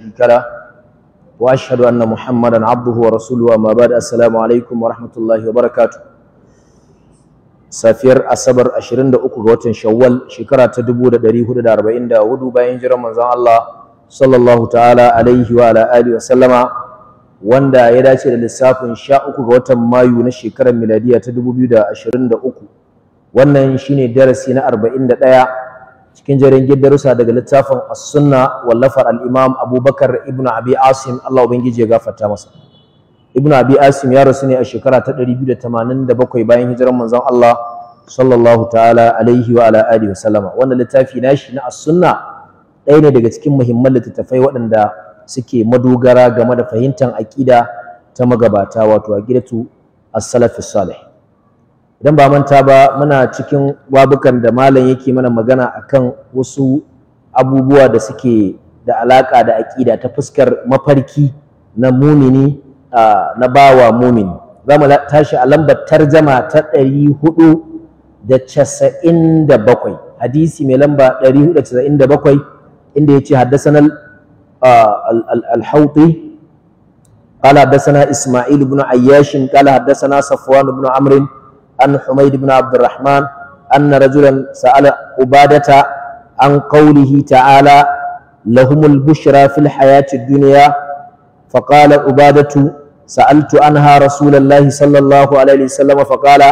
شريك له واشهد ان محمدا عبده ورسوله وما بعد alaikum wa rahmatullahi wa barakatu. safiyar asabar 23 ga watan shawwal shekara ta 1444 bayan jiran manzon Allah sallallahu ta'ala alaihi wa ala alihi wa sallama wanda ya dace da lissafin 13 ga watan mayu na shekarar miladiya ta 2023 wannan shine darasi na 41 cikin jaringin darussa daga littafin as-sunna wallafar al-imam abubakar ibnu abi asim Allah ubangiji ya gafarta masa ibnu abi asim ya rasu ne a shekara ta 287 bayan hijiran manzon Allah sallallahu ta'ala alaihi wa ala alihi wa sallama wannan littafi nashi na as-sunna ɗaya ne daga cikin muhimman littattafai waɗanda suke madogara game da fahimtar aƙida ta magabata wato aqidatu as-salafus salih idan ba manta ba muna cikin wabukan da malam yake mana magana akan wasu abubuwa da suke da alaka da aƙida ta fuskar mafarki na mumini na bawa mumini Zamu tashi a lambar tarjama ta ɗari hadisi mai lamba ɗari da casa'in da bakwai inda yace ce haddasan alhauti قال حدثنا إسماعيل بن عياش قال حدثنا صفوان بن عمرو عن حميد بن عبد الرحمن أن رجلا سأل عبادة عن قوله تعالى لهم البشرى في الحياة الدنيا فقال عبادة سألت عنها رسول الله صلى الله عليه وسلم فقال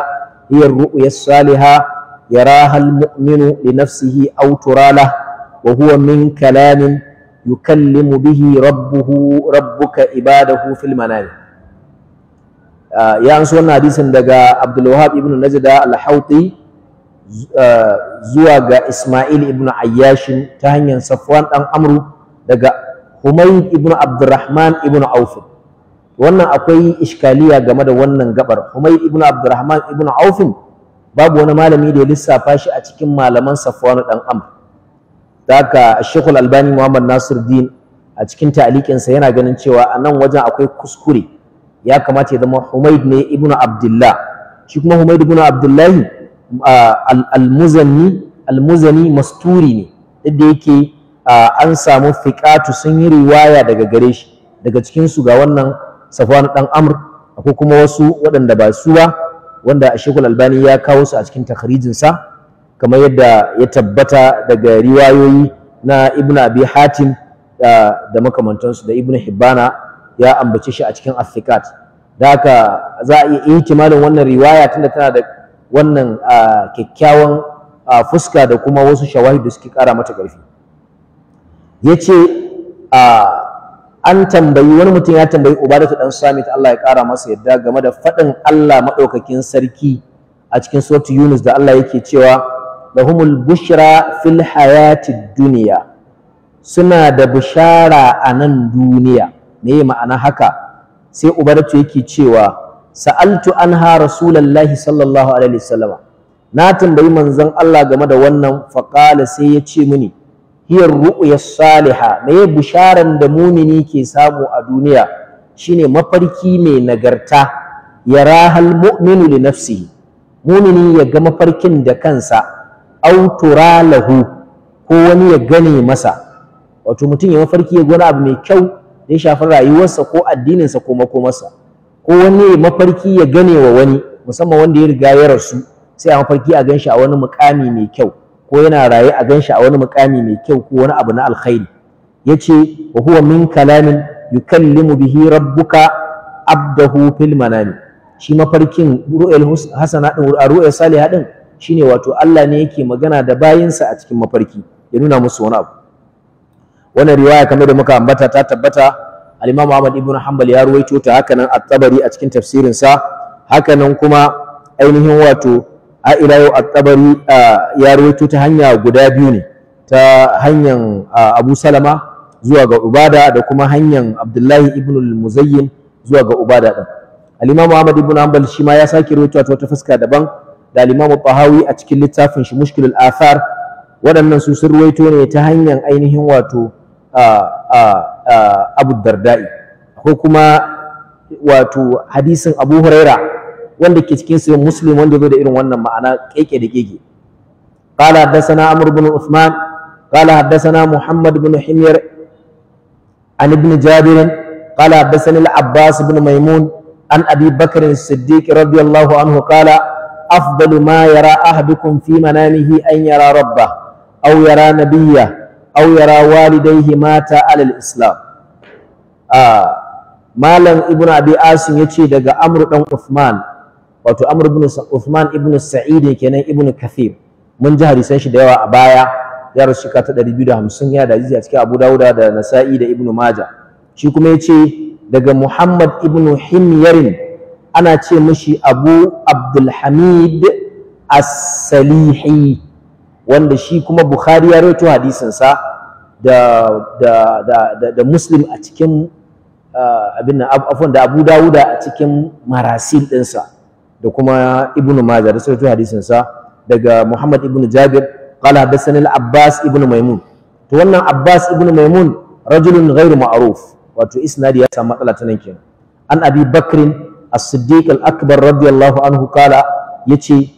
هي الرؤيا الصالحة يراها المؤمن لنفسه أو ترى له وهو من كلام يكلم به ربه ربك عباده في المنام ya an wannan hadisin daga Abdulwahab ibn Najda al hawti zuwa ga Ismail ibn Ayyash ta hanyar Safwan dan Amru daga Humayd ibn Abdurrahman ibn Auf wannan akwai iskaliya game da wannan gabar Humayd ibn Abdurrahman ibn Auf babu wani malami da ya lissafa shi a cikin malaman Safwan dan Amr daga Sheikhul albani Muhammad Nasiruddin a cikin sa yana ganin cewa a nan wajen akwai kuskure ya kamata ya zama Humaid ne ibnu Abdullah shi kuma Humaid ibnu Abdullahi al-Muzani al-Muzani masturi ne yadda yake an samu fiqatu sun yi riwaya daga gare shi daga cikin su ga wannan Safwan dan Amr akwai kuma wasu waɗanda ba su ba wanda al Albani ya kawo su a cikin takhrijin sa kamar yadda ya tabbata daga riwayoyi na Ibn Abi Hatim da makamantansu da Ibn Hibbana ya ambace shi a cikin as da haka za a iya kimanin wannan riwaya tunda tana da wannan kyakkyawan fuska da kuma wasu shawahidu suke kara mata ƙarfi yace an tambayi wani mutum ya tambayi ubadatu dan samit Allah ya kara masa yadda game da faɗin Allah madaukakin sarki a cikin suratul yunus da Allah yake cewa lahumul bushra fil hayatid dunya suna da bishara a nan duniya me ma'ana haka sai ubaratu yake cewa sa'altu anha rasulullahi sallallahu alaihi wasallama na tambayi manzon Allah game da wannan faqala sai ya ce mini hiyar ru'ya saliha me bisharan da mumini ke samu a duniya shine mafarki mai nagarta yarahal mu'minu li nafsihi mumini ya ga mafarkin da kansa aw ko wani ya gane masa wato mutum ya mafarki ya wani abu mai kyau zai shafi rayuwarsa ko addininsa ko makomarsa ko wani mafarki ya gane wa wani musamman wanda ya riga ya rasu sai a mafarki a ganshi a wani mukami mai kyau ko yana raye a ganshi a wani mukami mai kyau ko wani abu na alkhairi yace wa huwa min kalamin yukallimu bihi rabbuka abdahu fil manami shi mafarkin ru'ayl hasana din ru'ayl salih din shine wato Allah ne yake magana da bayinsa a cikin mafarki ya nuna musu wani abu wannan riwaya kamar da muka ambata ta tabbata al-Imam Ahmad ibn Hanbal ya ruwaito ta hakanan at-Tabari a cikin tafsirin sa hakanan kuma ainihin wato a ila at-Tabari ya ruwaito ta hanya guda biyu ne ta hanyar Abu Salama zuwa ga Ubada da kuma hanyar Abdullahi ibn al-Muzayyin zuwa ga Ubada din al-Imam Ahmad ibn Hanbal shi ma ya sake ruwaito ta wata fuska daban da al-Imam Tahawi a cikin littafin shi Mushkilul Athar waɗannan su sun ruwaito ne ta hanyar ainihin wato abu dardai ko kuma wato hadisin abu huraira wanda ke cikin sahih muslim wanda bai da irin wannan ma'ana keke da keke. qala hadathana amr ibn usman qala hadathana muhammad ibn himyar an ibn jabir qala hadathana al abbas ibn maimun an abi bakr as-siddiq radiyallahu anhu qala afdalu ma yara ahadukum fi manamihi an yara rabbah aw yara nabiyyah aw yara walidayhi mata alal islam malam ibn abi asim yace daga amr dan uthman wato amr ibn uthman ibn sa'id kenan ibn kathir mun ji hadisan shi da yawa a baya ya rasu ka ta 250 ya da hadisi a cikin abu dauda da nasa'i da ibn majah shi kuma yace daga muhammad ibn himyarin ana ce mishi abu abdul hamid as-salihi wanda shi kuma Bukhari ya rawaito hadisinsa da da da da, da Muslim a cikin uh, abin nan afwan da Abu Dawuda a cikin marasil ɗinsa da kuma Ibn Majah da sai hadisinsa daga Muhammad ibn Jabir قال حدثني Abbas Ibn Maimun. to wannan Abbas ibn Maimun rajulun ghairu ma'ruf wato isnadi ya samu matsala ta nan kenan an Abi Bakr as-Siddiq al-Akbar radiyallahu anhu kala yace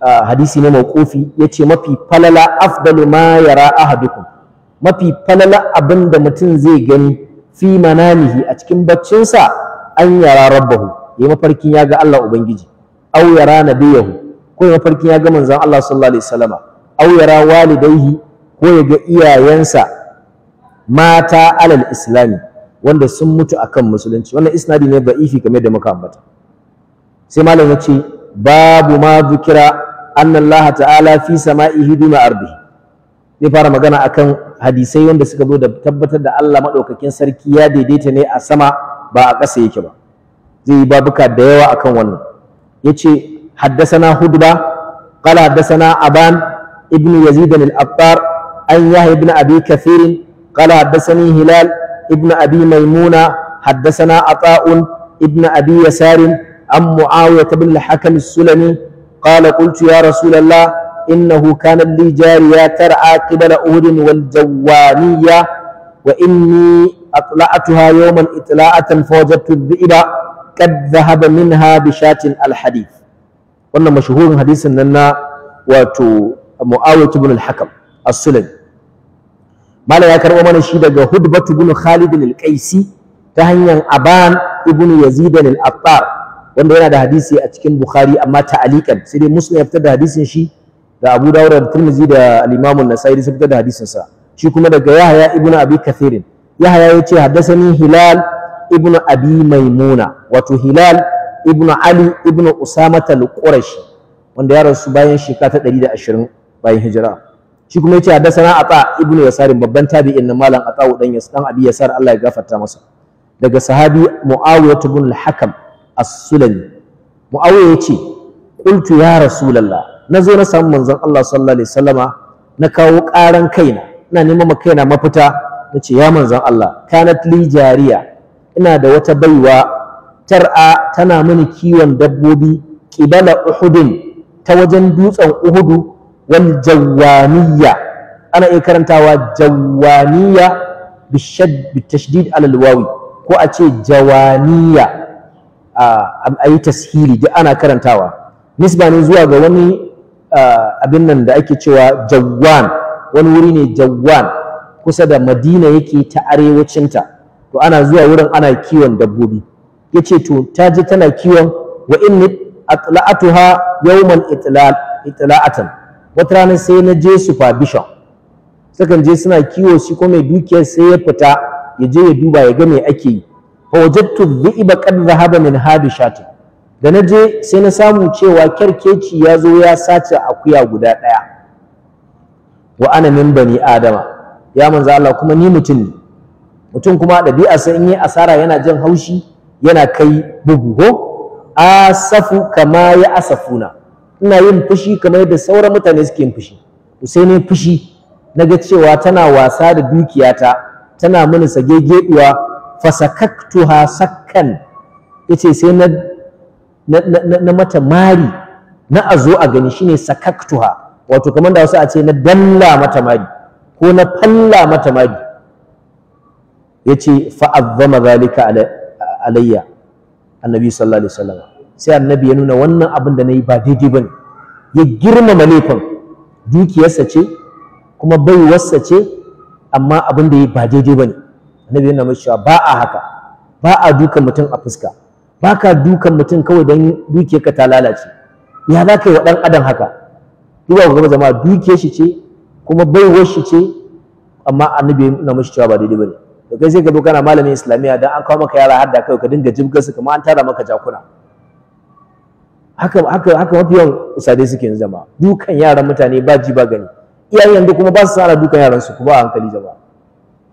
hadisi ne mawqufi yace mafi falala afdalu ma yara ahadukum mafi falala abinda mutum zai gani fi manamihi a cikin baccinsa an yara rabbahu ya mafarkin ya ga Allah ubangiji aw yara nabiyahu ko ya mafarkin ya ga manzon Allah sallallahu alaihi wasallama aw yara walidaihi ko ya ga iyayensa mata alal islami wanda sun mutu akan musulunci wannan isnadi ne da'ifi game da muka ambata sai malam ya ce babu ma zikira anna Allah ta'ala fi sama'ihi bi ma'ardihi ne fara magana akan hadisai wanda suka zo da tabbatar da Allah madaukakin sarki ya daidaita ne a sama ba a ƙasa yake ba zai yi babuka da yawa akan wannan yace haddathana hudba qala haddathana aban ibn yazid al affar an yahya ibn abi kathir qala haddathani hilal ibn abi maimuna Haddasa haddathana ata'un ibn abi yasar عن معاوية بن الحكم السلمي قال قلت يا رسول الله إنه كان لي جارية ترعى قبل أهد والجوانية وإني أطلعتها يوما إطلاعة فوجدت الذئب قد ذهب منها بشاة الحديث وأن مشهور حديث أننا وتو معاوية بن الحكم السلمي mala ya karɓo mana shi daga hudbatu ibn khalid al-qaisi ta hanyar aban ibn yazid al-attar wanda yana da hadisi a cikin bukhari amma ta'alikan sai dai muslim ya fitar da hadisin shi da abu dawud da tirmidhi da al-imam an-nasai sun fitar da hadisin sa shi kuma daga yahya ibn abi kathirin yahya yace haddathani hilal ibn abi maimuna wato hilal ibn ali ibn usama al-qurashi wanda ya rasu bayan shekara ta 120 bayan hijira shi kuma yace na ata ibn yasarin babban tabi'in na malam ata dan yasar dan abi yasar Allah ya gafarta masa daga sahabi muawiyah ibn al-hakam as-sulami muawiya yace qultu ya rasulullah nazo na samu manzon Allah sallallahu alaihi wasallama na kawo karan kaina ina neman ma kaina mafita nace ya manzon Allah kanat li jariya ina da wata baiwa tar'a tana mini kiwon dabbobi qibala uhudin ta wajen dutsen uhudu wal jawaniya ana iya karantawa jawaniya bi tashdid alal wawi ko a ce jawaniya a yi tashili duk ana karantawa nisba ne zuwa ga wani abin nan da ake cewa jawwan wani wuri ne jawwan kusa da madina yake ta arewacinta to ana zuwa wurin ana kiwon dabbobi Ya ce to ta je tana kiwon wa inni atla'atuha yawman itla'atan wata rana sai na je su fabishon sukan je suna kiwo shi ko mai dukiyar sai ya fita ya je ya duba ya ga me ake yi fawajattu wajadtu dhi'ba qad dhahaba min hadi shati da je sai na samu cewa kerkeci ya zo ya sace akuya guda daya wa ana min bani adama ya manzo Allah kuma ni mutum ne mutum kuma dabi'a sai in yi asara yana jan haushi yana kai bugu ko asafu kama ya asafuna ina yin fushi kamar yadda sauran mutane suke yin fushi to sai ne fushi naga cewa tana wasa da dukiyata tana mini sagegeduwa fasakaktuha sakkan yace sai na na mata mari na azo a gani shine sakaktuha wato kamar da wasu a ce na dalla mata mari ko na falla mata mari yace fa'azzama zalika alayya annabi sallallahu alaihi wasallam sai annabi ya nuna wannan abin da nayi ba daidai bane ya girmama laifin dukiyarsa ce kuma baiwarsa ce amma abin da ya ba daidai bane annabi yana mashi ba a haka ba a dukan mutum a fuska ba ka dukan mutum kawai don duke ka ta lalace ya za ka yi wa ɗan adam haka duba ku gama jama'a duke shi ce kuma baiwar shi ce amma annabi yana mashi cewa ba daidai ba ne kai sai ka zo kana malamin islamiyya dan an kawo maka yara har da kai ka dinga jibgar su kamar an tara maka jakuna haka haka haka mafi yawan usade suke yanzu jama'a dukan yaran mutane ba ji ba gani iyayen da kuma ba su sara dukan yaran su kuma a hankali jama'a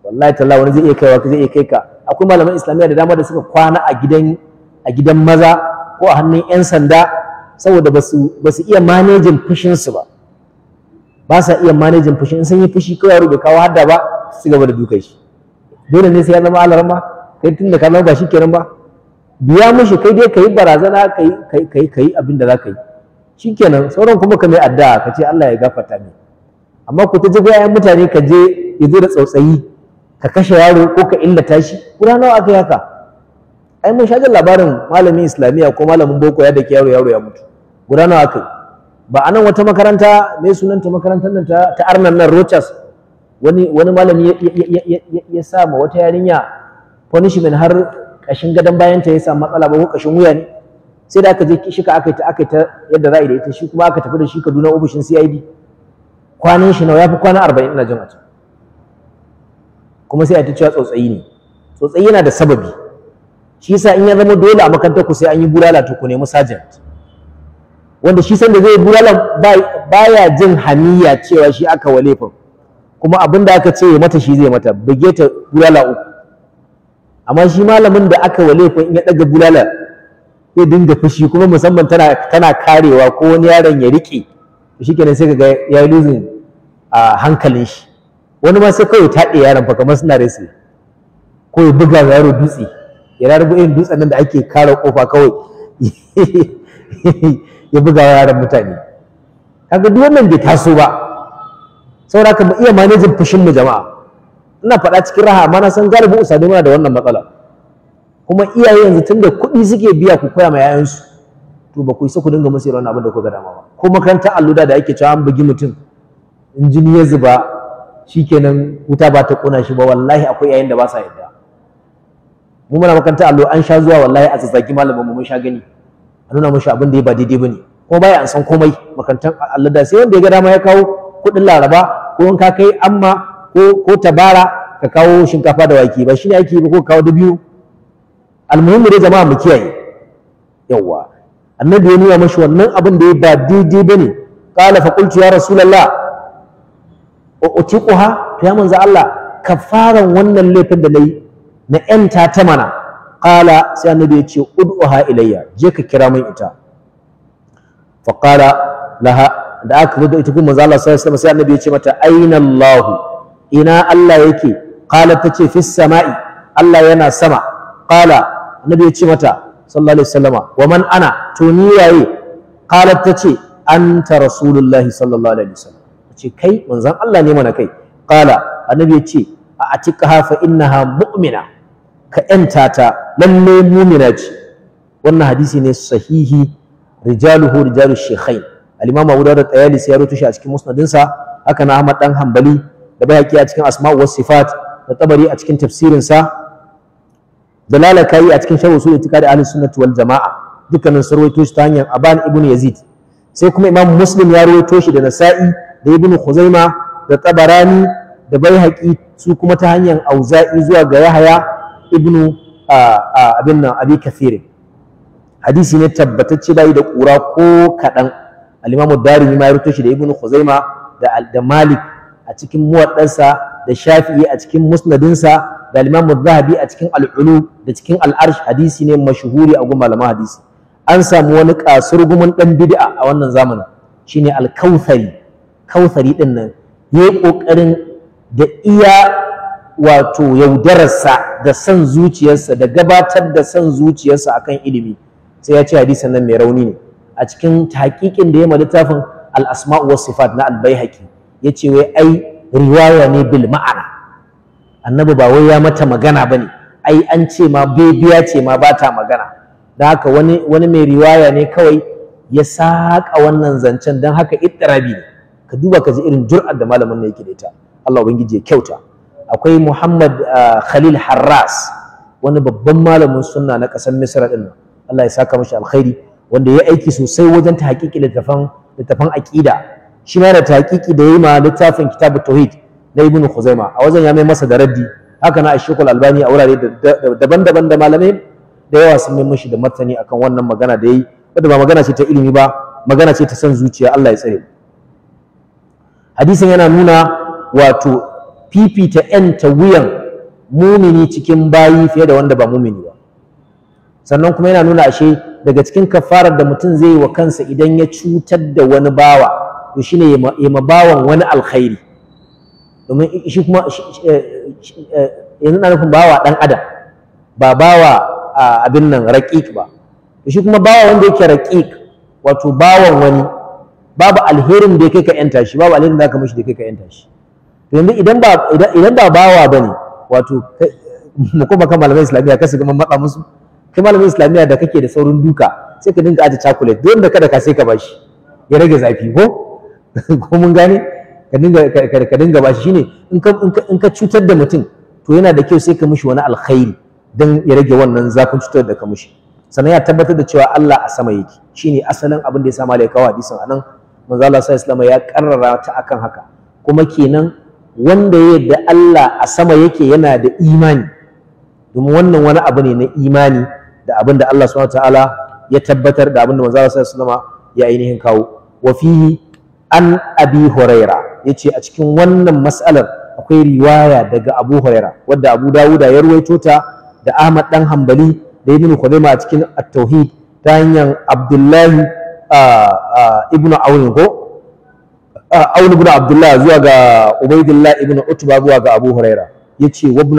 wallahi tallahi wani zai iya kaiwa ka zai iya kai ka akwai malaman islamiyya da dama da suka kwana a gidan a gidan maza ko a hannun yan sanda saboda basu basu iya managing fushin su ba ba sa iya managing fushin sun yi fushi kawai yaro bai kawo hadda ba su gaba da dukan shi dole ne sai ya zama ba kai tun da ka zama ba shi kenan ba biya mishi kai dai kai barazana kai kai kai abin da za ka yi shikenan sauran kuma ka mai addu'a ka ce Allah ya gafarta ni amma ku ta ji ga mutane ka je ya zo da tsautsayi ka kashe yaro ko ka illata shi guda nawa aka yi haka ai mun shagar labarin malamin islamiyya ko malamin boko ya dake yaro yaro ya mutu guda nawa aka yi ba anan wata makaranta mai sunanta makarantar nan ta arnan nan rochas wani wani malami ya sa ma wata yarinya punishment har kashin gadon bayan ta ya sa matsala ba ko kashin wuya ne sai da aka je shika aka ta aka ta yadda za a yi da ita shi kuma aka tafi da shi Kaduna ofishin CID kwanan shi nawa ya fi kwana 40 ina jin a can kuma sai a ta cewa tsotsayi ne tsotsayi yana da sababi shi yasa in ya zama dole a makarantar ku sai an yi bulala to ku nemi sergeant wanda shi san da zai bulala baya jin hamiya cewa shi aka laifin, kuma abin da aka ce ya mata shi zai mata bige ta bulala uku amma shi malamin da aka laifin, in ya daga bulala zai dinga fushi kuma musamman tana tana karewa ko wani yaron ya rike kenan sai kaga ya yi losing a ah, hankalin shi wani ma sai kawai taɗe yaron fa kamar suna resi ko ya buga yaro dutse ya rarrabu irin dutsen nan da ake kare kofa kawai ya buga yaron mutane kaga duk wannan bai taso ba saboda haka iya manajin fushin mu jama'a ina faɗa cikin raha amma na san galibin usani muna da wannan matsala kuma iyaye yanzu tunda kuɗi suke biya ku koya ma 'ya'yansu to ba ku isa ku dinga musu irin abin da kuka dama ba ko makarantar alluda da ake cewa an bugi mutum injini ya zuba shikenan wuta ba ta kona shi ba wallahi akwai yayin da ba sa yadda mu muna makaranta allo an sha zuwa wallahi a tsatsaki malamin mu mun sha gani a nuna mashi abin da ya ba daidai bane kuma baya an san komai makarantar Allah da sai wanda ya ga dama ya kawo kudin laraba ko in ka kai amma ko ko tabara ka kawo shinkafa da wake ba shine ake ba ko kawo da biyu almuhimmi dai jama'a mu kiyaye yawa annabi ya nuna mashi wannan abin da ya ba daidai bane qala fa qultu ya rasulullah utuquha ya manzo Allah kafaran wannan laifin da nayi na yanta ta mana qala sai annabi ya ce ud'uha ilayya je ka kira min ita fa qala laha da aka zo ita kuma manzo Allah sallallahu alaihi wasallam sai annabi ya ce mata aina Allah ina Allah yake qala tace fis sama'i Allah yana sama qala annabi ya ce mata sallallahu alaihi wasallama wa man ana to ni yaye qalat tace anta rasulullahi sallallahu alaihi wasallam ce kai manzon Allah ne mana kai qala annabi ya ce a atiqaha fa innaha mu'mina ka yanta ta lalle mu'mina ce wannan hadisi ne sahihi rijaluhu rijalu shaykhain al-imam Abu Dawud at-Tayalisi ya rawaito shi a cikin musnadinsa haka na Ahmad dan Hanbali da Bayhaqi a cikin Asma'u was Sifat da Tabari a cikin tafsirinsa da lalakayi a cikin shahu usul itikadi ahlus sunnati wal jamaa dukkanin sun rawaito shi ta hanyar Aban ibn Yazid sai kuma Imam Muslim ya rawaito shi da Nasa'i da ibn Khuzaima da Tabarani da Baihaqi su kuma ta hanyar Auza'i zuwa ga Yahaya ibn abin nan Abi Kathir hadisi ne tabbatacce bai da kura ko kadan al-Imam ad-Darimi ma ya shi da ibn Khuzaima da al Malik a cikin muwaddansa da Shafi'i a cikin musnadinsa da al-Imam zahabi a cikin al-Ulu da cikin al-Arsh hadisi ne mashhuri a gumal hadisi an samu wani kasurgumin dan bid'a a wannan zamanin shine al kawthari kausari ɗin nan ya yi ƙoƙarin da iya wato yaudararsa da san zuciyarsa da gabatar da san zuciyarsa a kan ilimi sai ya ce hadisin nan mai rauni ne a cikin hakikin da ya ma littafin al-asma wa sifat na al ya yace wai ai riwaya ne bil ma'ana annabi ba wai ya mata magana bane ai an ce ma bebiya ce ma ba ta magana dan haka wani mai riwaya ne kawai ya saka wannan zancen don haka ittirabi ne ka duba ka ji irin jur'ar da malamin nan yake da ita Allah ubangiji ya kyauta akwai Muhammad ah, Khalil Harras wani babban malamin sunna na ƙasar Misra din nan Allah ya saka mashi alkhairi wanda ya aiki sosai wajen ta haƙiƙi littafan aqida shi ma da ta da yayi ma littafin kitabut tauhid na Ibn Khuzaimah a wajen ya mai masa da raddi haka na Sheikh Al-Albani a wurare daban-daban da malamai da yawa sun mai mashi da martani akan wannan magana da yayi wanda ba magana ce ta ilimi ba magana ce ta san zuciya Allah ya tsare mu hadisin yana nuna wato fifita yanta wuyan mumini cikin bayi fiye da wanda ba mumini ba sannan kuma yana nuna ashe daga cikin kafarar da mutum zai yi wa kansa idan ya cutar da wani bawa to shine ya ma wani alkhairi domin shi kuma eh, eh, yanzu na nufin bawa dan adam ba bawa ah, abin nan raƙiƙ ba shi kuma bawa wanda yake raƙiƙ wato bawan wani babu alherin da ya kai ka yanta shi babu alherin da ka mishi da kai ka yanta shi yanzu idan ba idan ba bawa bane wato mu kuma kan malamin islamiyya kasu ga matsa musu kai malamin islamiyya da kake da saurin duka sai ka dinga aje chocolate don da kada ka sai ka bashi ya rage zafi ko ko mun gane ka dinga ka dinga bashi shine in ka in ka cutar da mutum to yana da kyau sai ka mishi wani alkhairi don ya rage wannan zafin cutar da ka mishi sannan ya tabbatar da cewa Allah a sama yake shine asalin abin da ya sa malaikawa hadisin anan manzo Allah sallallahu alaihi ya karrara ta akan haka kuma kenan wanda ya yadda Allah a sama yake yana da imani domin wannan wani abu ne na imani da abin da Allah subhanahu ta'ala ya tabbatar da abin da manzo Allah sallallahu alaihi ya ainihin kawo wa fihi an abi huraira yace a cikin wannan mas'alar akwai riwaya daga Abu Huraira wadda Abu Dawuda ya ruwaito ta da Ahmad dan Hanbali da Ibn Khuzaimah a cikin At-Tauhid ta hanyar Abdullahi Ibnu aun ko abdullah zuwa ga ubaidillah Ibnu Utuba, zuwa ga abu huraira yace wa ibn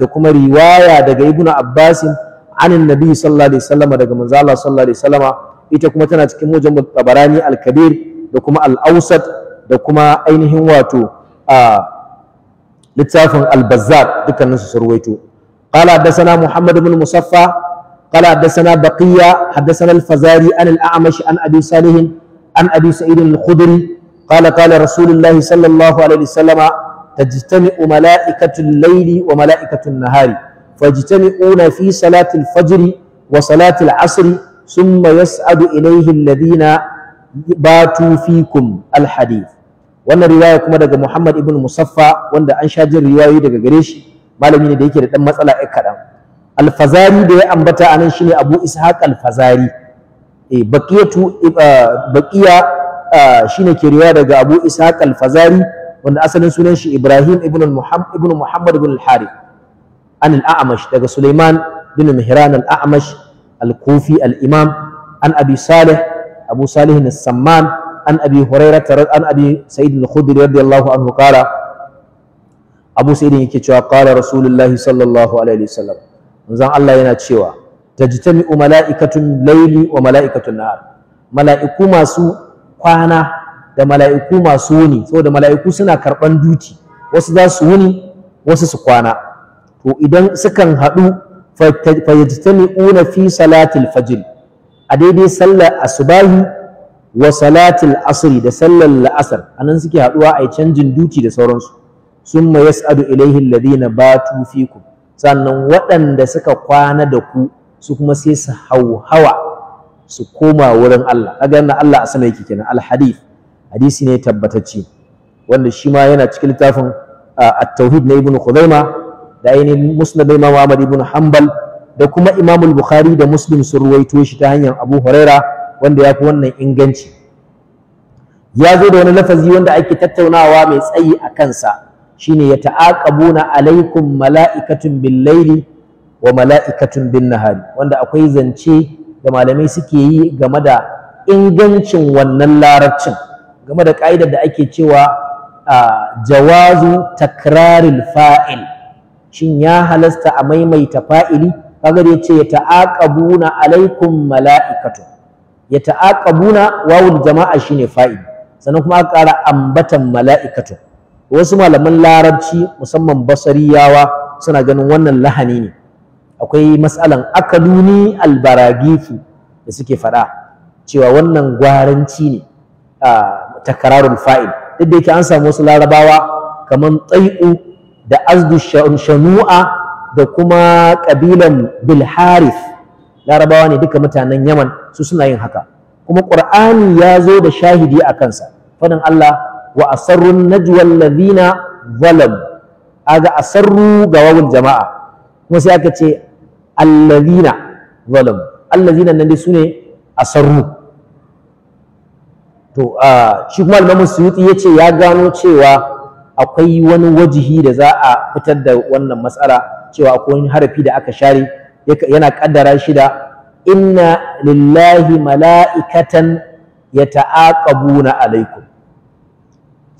da kuma riwaya daga ibnu Abbasin, anin nabi sallallahu alaihi daga manzo Allah sallallahu alaihi ita kuma tana cikin mujam tabarani al-kabir da kuma al-awsat da kuma ainihin wato a littafin al-bazzar dukkanin su surwaito qala na muhammad ibn musaffa قال حدثنا بقية حدثنا الفزاري عن الأعمش عن أبي صالح عن أبي سعيد الخدري قال قال رسول الله صلى الله عليه وسلم تجتمع ملائكة الليل وملائكة النهار فيجتمعون في صلاة الفجر وصلاة العصر ثم يسعد إليه الذين باتوا فيكم الحديث wannan riwaya kuma daga Muhammad ibn Musaffa wanda an sha jin riwayoyi daga gare shi malami ne da yake da dan matsala ɗan kaɗan alfazari da ya ambata anan shine abu ishaq alfazari eh baqiyatu eh, eh, shine ke riwaya daga abu ishaq alfazari wanda asalin sunan shi ibrahim ibn muhammad ibn muhammad an al daga sulaiman bin mihran al-a'mash al imam an abi salih abu salih as-samman an abi hurairah an abi sa'id al-khudri radiyallahu anhu qala abu yake cewa kara rasulullahi sallallahu alaihi manzon Allah yana cewa tajtami'u mala'ikatun laili wa mala'ikatun nahar mala'iku masu kwana da mala'iku masu wuni saboda mala'iku suna karɓan duti wasu za su wuni wasu su kwana to idan sukan haɗu fayajtami'una fi salatil fajr a daidai sallar asubahi wa salatil asri da sallar la'asar anan suke haɗuwa a canjin duti da sauransu summa yas'adu ilaihin alladhina batu fikum sannan waɗanda suka kwana da ku su kuma sai su hawa su koma wurin Allah kaga yana Allah a sama yake kenan al hadisi ne tabbatacce wanda shi ma yana cikin littafin at-tauhid na ibnu khuzaima da ainihin musnad imam ahmad ibn hanbal da kuma Imamul bukhari da muslim sun ruwaito shi ta hanyar abu huraira wanda ya fi wannan inganci ya zo da wani lafazi wanda ake tattaunawa mai tsayi a kansa shine ya ta'aqabuna alaikum mala'ikatun bil laili wa mala'ikatun bin nahari wanda akwai zance da malamai suke yi game da ingancin wannan larabcin game da ka'idar da ake cewa jawazu takraril fa'il shin ya halasta a maimaita fa'ili kaga ya ce ya ta'aqabuna alaikum mala'ikatun ya ta'aqabuna wawul jama'a shine fa'il sannan kuma aka ƙara ambatan mala'ikatu. wasu malaman larabci musamman basariyawa suna ganin wannan lahani ne akwai matsalan akaduni albaragifi da suke faɗa cewa wannan gwaranci ne a takararul fa'il duk da yake an samu wasu larabawa kamar tsai'u da azdu shanu'a da kuma ƙabilan bilharif larabawa ne duka mutanen yaman su suna yin haka kuma ƙur'ani ya zo da shahidi a kansa faɗin allah wa asarrun najwa alladhina A ga asarru ga wawul jama'a kuma sai aka ce alladhina zalamu alladhina nan dai sune asarru to shi kuma al-Imam ya yace ya gano cewa akwai wani wajihi da za a fitar da wannan matsala cewa akwai wani harafi da aka share yana kaddara shi da inna lillahi mala'ikatan yata'aqabuna alaikum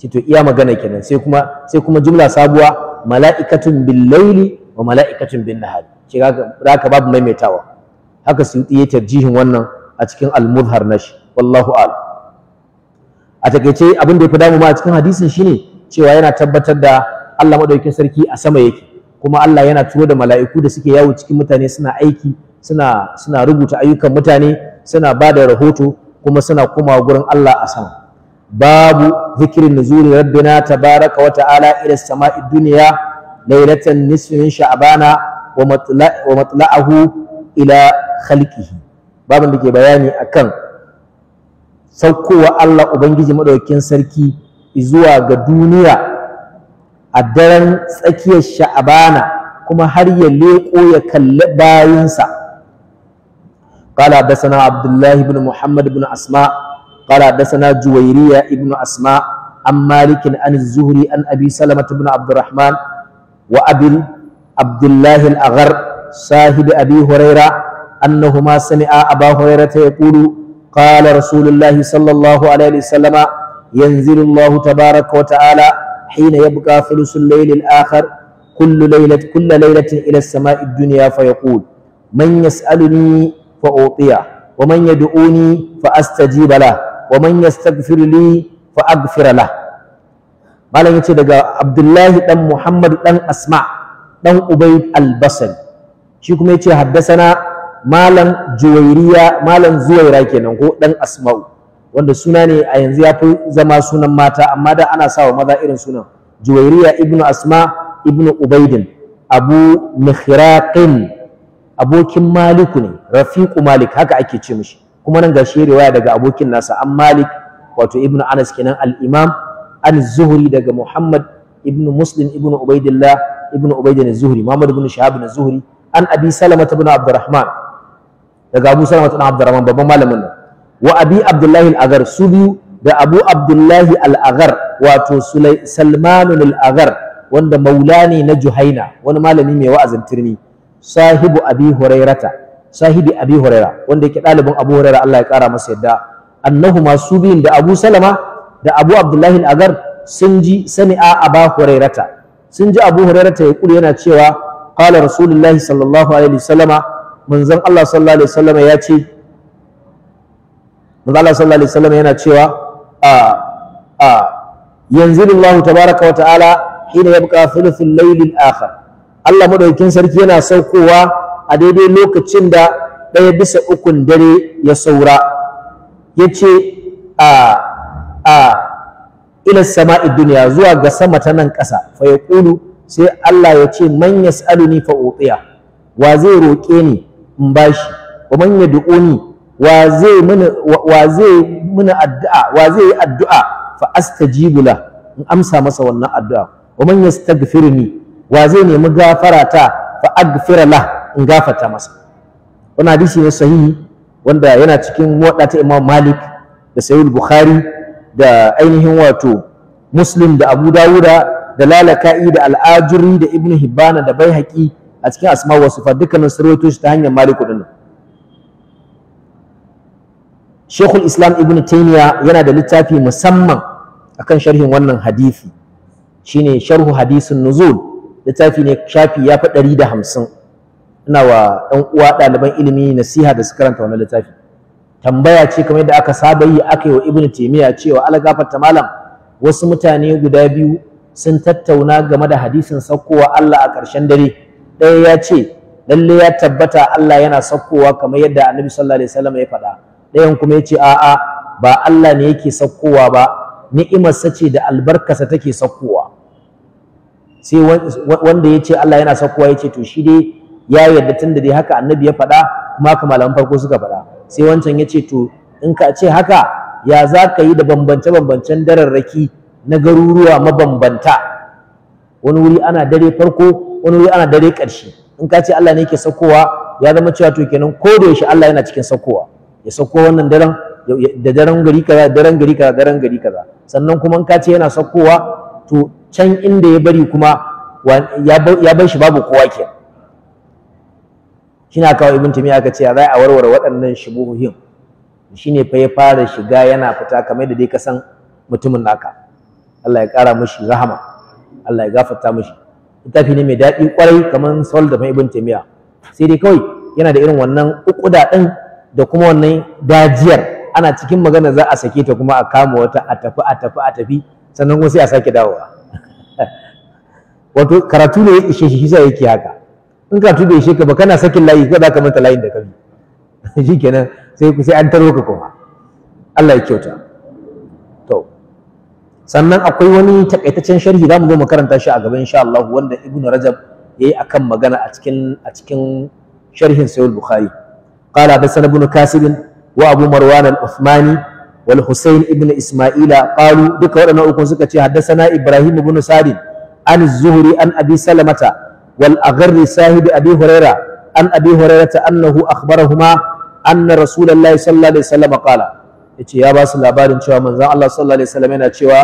ce to iya magana kenan sai kuma sai kuma jumla sabuwa mala'ikatun bil laili wa mala'ikatun bin nahar ce zaka babu maimaitawa haka su yi tarjihin wannan a cikin al-mudhar nash wallahu a'lam a takeice abin da ya fi damu ma a cikin hadisin shine cewa yana tabbatar da Allah madaukakin sarki a sama yake kuma Allah yana turo da mala'iku da suke yawo cikin mutane suna aiki suna suna rubuta ayyukan mutane suna ba da rahoto kuma suna komawa gurin Allah a sama babu zikirin nuzuli rabbina tabaraka wa ta'ala ila sama'i dunya laylatan nisfi min sha'bana wa matla'ahu ila khalqihi Babu da ke bayani akan saukowa Allah ubangiji madaukakin sarki zuwa ga duniya a daren tsakiyar sha'abana. kuma har ya leƙo ya kalli bayansa قال حدثنا عبد الله bin محمد بن أسماء قال حدثنا جويرية ابن أسماء عن مالك عن الزهري عن أبي سلمة بن عبد الرحمن وأبي عبد الله الأغر صاحب أبي هريرة أنهما سمع أبا هريرة يقول قال رسول الله صلى الله عليه وسلم ينزل الله تبارك وتعالى حين يبقى ثلث الليل الآخر كل ليلة كل ليلة إلى السماء الدنيا فيقول من يسألني فأعطيه ومن يدعوني فأستجيب له wa man yastaghfir li fa aghfir la malam yace daga Abdullahi dan Muhammad dan Asma dan Ubay al-Basri shi kuma yace haddasana malam Juwairiya malam Zuwaira kenan ko dan Asma'u wanda suna ne a yanzu ya fi zama sunan mata amma da ana sawa maza irin sunan juwairiya ibnu asma ibnu ubaidin abu mihraqin abokin maliku ne rafiqu malik haka ake ce mishi kuma nan gashi riwaya daga abokin nasa an Malik wato Ibnu Anas kenan al-Imam an Zuhri daga Muhammad Ibnu Muslim Ibnu Ubaidillah Ibnu Ubaidin Zuhri Muhammad Ibn Shahab na Zuhri an Abi Salama ibn Abdurrahman daga Abu Salama ibn Abdurrahman babban malamin nan wa Abi Abdullah al-Aghar su biyu da Abu Abdullahi al-Aghar wato Salman al-Aghar wanda maula ne na Juhaina wani malami mai wa'azin turmi sahibu Abi Hurairata sahibi abi huraira wanda yake dalibin abu huraira Allah ya ƙara masa yadda annahuma su biyun da abu salama da abu abdullahi agar sun ji sami'a aba hurairata sun ji abu hurairata ya kuri yana cewa qala rasulullahi sallallahu alaihi wasallama manzon Allah sallallahu alaihi wasallama ya ce manzon Allah sallallahu alaihi wasallama yana cewa a a yanzilullahu tabaraka wa ta'ala hina yabqa thuluthul layl al-akhir Allah madaukin sarki yana saukowa a daidai lokacin da ɗaya bisa ukun dare ya saura ya ce a a ila sama'i duniya zuwa ga sama ta nan ƙasa fa ya ƙulu sai Allah ya ce man yas'aluni fa utiya wa zai roƙe ni in bashi wa man yad'uni wa wa zai mini addu'a wa zai yi addu'a fa astajibu jibula in amsa masa wannan addu'a wa man ni, wa zai nemi gafarata fa aghfira la in gafarta masa wannan hadisi ne sahihi wanda yana cikin muwadda ta Imam Malik da Sahih Bukhari da ainihin wato Muslim da Abu Dawuda da Lalaka'i da al'ajuri da Ibn Hibbana da Baihaqi a cikin asma wa sifat dukkanin sarwato shi ta hanyar Malik din Sheikhul Islam Ibn Taymiyyah yana da littafi musamman akan sharhin wannan hadisi shine sharhu hadisin nuzul littafi ne shafi ya fi ɗari da hamsin ina wa ɗan uwa ɗaliban ilimi nasiha da su karanta wannan littafi tambaya ce kamar yadda aka saba yi aka yi wa ibnu taymiya cewa algafarta malam wasu mutane guda biyu sun tattauna game da hadisin saukowa Allah a ƙarshen dare ɗaya ya ce lalle ya tabbata Allah yana saukowa kamar yadda annabi sallallahu alaihi wasallam ya faɗa ɗayan kuma ya ce a'a ba Allah ne yake saukowa ba ni'imarsa ce da albarkasa take saukowa sai wanda ya ce Allah yana saukowa ya ce to shi dai ya yarda tunda dai haka annabi ya faɗa kuma haka malaman farko suka faɗa sai wancan ya ce to in ka ce haka ya za ka yi da bambance-bambancen dararraki na garuruwa mabambanta wani wuri ana dare farko wani wuri ana dare ƙarshe in ka ce Allah ne yake saukowa ya zama cewa to kenan ko da yaushe Allah yana cikin saukowa ya sauko wannan daren da daren gari kaza daren gari kaza daren gari kaza sannan kuma in ka ce yana saukowa to can inda ya bari kuma ya bar shi babu kowa kenan shine kawo ibn timiya aka ce za a warware waɗannan shubuhuhin shine fa ya fara shiga yana fita kamar da dai ka san mutumin naka Allah ya kara mishi rahama Allah ya gafarta mishi littafi ne mai daɗi kwarai kamar sawal da ibn timiya sai dai kawai yana da irin wannan ukuda din da kuma wannan dajiyar ana cikin magana za a sake ta kuma a kama wata a tafi a tafi a tafi sannan kuma sai a sake dawowa wato karatu ne ya ishe shi sai yake haka in ka bai shi ka ba kana sakin layi ka za ka manta layin da ka bi shi kenan sai ku sai an taro ka kuma Allah ya kyauta to sannan akwai wani takaitaccen sharhi za mu zo mu karanta shi a gaba insha Allah wanda Ibn Rajab yayi akan magana a cikin a cikin sharhin Sahih Bukhari Kasib wa Abu Marwan al Uthmani, wal والحسين Ibn Isma'ila. qalu duka waɗannan uku suka ce haddathana Ibrahim ibn Sadin an Zuhri an Abi Salamata wal agarri sahibi abi huraira an abi ta annahu akhbarahuma anna rasulullahi sallallahu alaihi wasallam qala yace ya ba su labarin cewa manzan Allah sallallahu alaihi wasallam yana cewa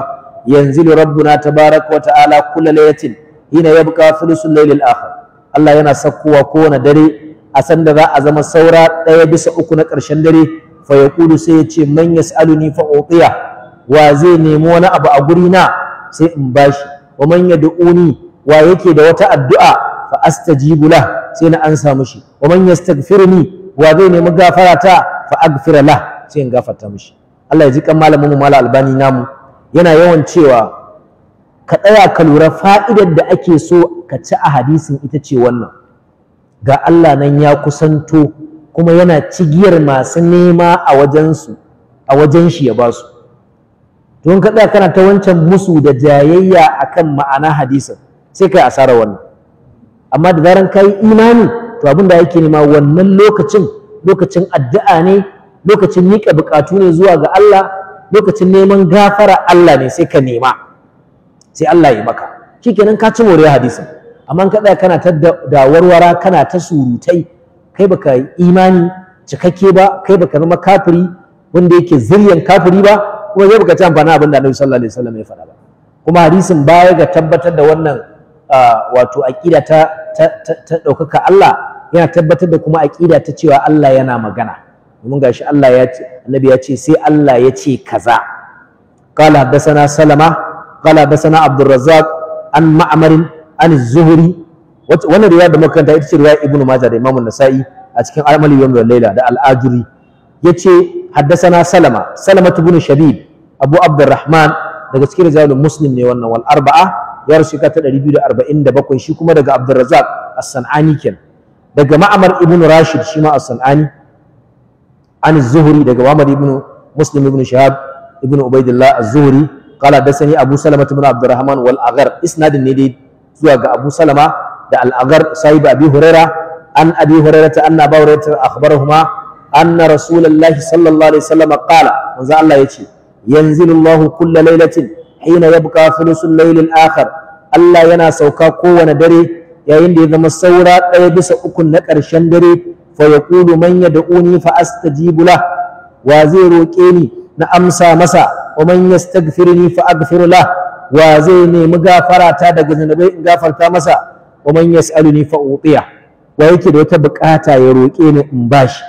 yanzilu rabbuna tabaraka wa ta'ala kullu layatin hina yabqa thulusul layl al akhir Allah yana sakkowa kowane dare a sanda za a zama saura ɗaya bisa uku na ƙarshen dare fa yaqulu sai yace man yas'aluni fa uqiya wa zai nemi wani abu a guri na sai in bashi wa man yad'uni wa yake da wata addu'a fa astajibu lah sai na ansa mishi wa man yastaghfirni wa zai nemi gafara ta fa aghfir lah sai in gafarta mishi Allah ya ji kan malamin mu mala albani namu yana yawan cewa ka tsaya ka lura fa'idar da ake so ka ci a hadisin ita ce wannan ga Allah nan ya kusanto kuma yana cigiyar masu nema a wajensu a wajen shi ya basu don ka tsaya kana ta wancan musu da jayayya akan ma'ana hadisin sai kai asara wannan amma da zaran ka yi imani to abin da yake nema wannan lokacin lokacin addu'a ne lokacin miƙa buƙatu ne zuwa ga Allah lokacin neman gafara Allah ne sai ka nema sai Allah ya maka shikenan ka ci moriyar hadisin amma ka tsaya kana ta warwara kana ta surutai kai baka yi imani cikakke ba kai baka zama kafiri wanda yake ziryan kafiri ba kuma zai baka ci amfani abin da Annabi sallallahu alaihi wasallam ya faɗa ba kuma hadisin baya ga tabbatar da wannan wato aƙida ta ta ɗaukaka Allah yana tabbatar da kuma aƙida ta cewa Allah yana magana domin gashi Allah ya ce annabi ya ce sai Allah ya ce kaza qala hadathana salama qala hadathana abdurrazzaq an ma'mar an zuhri wannan riwaya da ita ce riwaya ibnu majah da imamu nasa'i a cikin amali yawm wal laila da al-ajuri yace na salama salama ibn shabib abu abdurrahman daga cikin rijalul muslim ne wannan wal arba'a ta ɗari biyu da arba'in da bakwai. shi kuma daga Abdulrazak a sanani ken. daga Ma'amar ibn Rashid shi ma As-San'ani an Zuhuri. daga Muhammad ibn Muslim ibn Shahab ibn Ubaidillah Az-Zuhri qala dasani Abu Salama ta ibn Abdurrahman wal Aghar isnadin ne dai zuwa ga Abu Salama da Al Aghar sahib Abi Huraira an Abi Huraira ta anna Abu Huraira akhbarahuma anna Rasulullahi sallallahu alaihi wasallam qala manzo Allah yace yanzilu Allahu kullu lailatin hina yabqa thulusul laylil akhar Allah yana sauka kowane dare yayin da ya zama saura ɗaya bisa uku na ƙarshen dare fa yaqulu man yad'uni fa astajibu lah wa zai roƙe ni na amsa masa wa man yastaghfirni fa aghfiru lah wa zai nemi gafarata daga zanabai in gafarta masa wa man yas'aluni fa utiya wa yake da wata bukata ya roƙe ni in bashi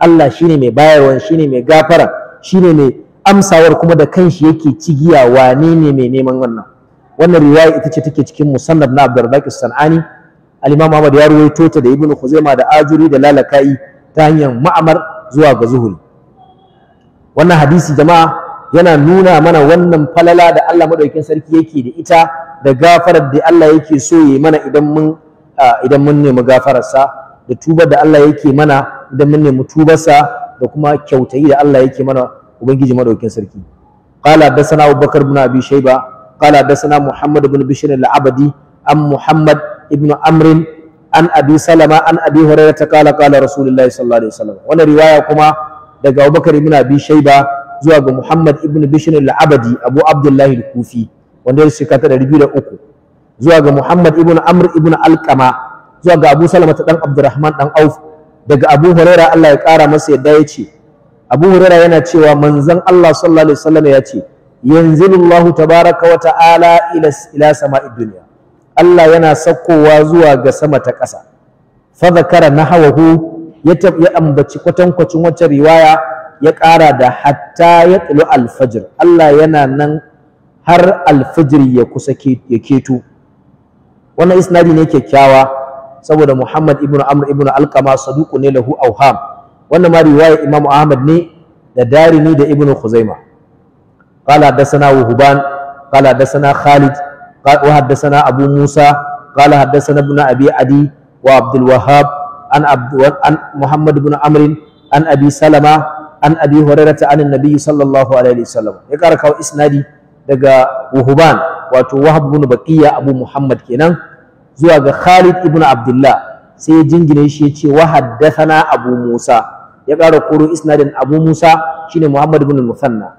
Allah shine mai bayarwa shine mai gafara shine mai amsawar kuma da kanshi yake cigiya wane ne mai neman wannan wannan riwaya ita ce take cikin musannad na Abdurrazzaq sanani al-Imam Ahmad ya ruwaito ta da Ibn Khuzaimah da Ajuri da Lalaka'i ta hanyar ma'amar zuwa ga Zuhri wannan hadisi jama'a yana nuna mana wannan falala da Allah madaukakin sarki yake da ita da gafarar da Allah yake so yi mana idan mun idan mun nemi gafararsa da tubar da Allah yake mana idan mun nemi tubarsa da kuma kyautayi da Allah yake mana ubangiji madaukin sarki qala hadathana abubakar ibn abi shayba qala hadathana muhammad ibn bishr al-abadi am muhammad ibn amr an abi salama an abi hurairah qala qala rasulullah sallallahu alaihi wasallam wannan riwaya kuma daga abubakar ibn abi shayba zuwa ga muhammad ibn bishr al-abadi abu abdullahi al-kufi wanda ya shekara 203 zuwa ga muhammad ibn amr ibn alqama zuwa ga abu salama ta dan abdurrahman dan auf daga abu hurairah Allah ya kara masa yadda ya ce Abu Huraira yana cewa manzon Allah sallallahu alaihi wasallam ya ce yanzilullahu tabaraka wa ta'ala ila ila sama'id dunya Allah yana sakkowa zuwa ga sama ta ƙasa fa zakara nahawahu ya ya ambaci kwatankwacin wata riwaya ya ƙara da hatta ya tulu alfajir Allah yana nan har alfajir ya kusa ya keto wannan isnadi ne kyakkyawa saboda Muhammad ibnu Amr ibnu Alqama saduqu ne lahu awham wannan ma riwaya imamu ahmad ne da dari ne da ibnu khuzaima qala haddathana wuhban qala haddathana khalid qala haddathana abu musa qala haddathana ibnu abi adi wa abdul wahhab an abd an muhammad ibn amr an abi salama an abi hurairah an annabi sallallahu alaihi wasallam ya kara kawo isnadi daga wuhban wato wahab ibn baqiya abu muhammad kenan zuwa ga khalid ibn abdullah sai jingine shi ya ce wa haddathana abu musa ya ƙara koro isnadin abu musa shine muhammad ibn musanna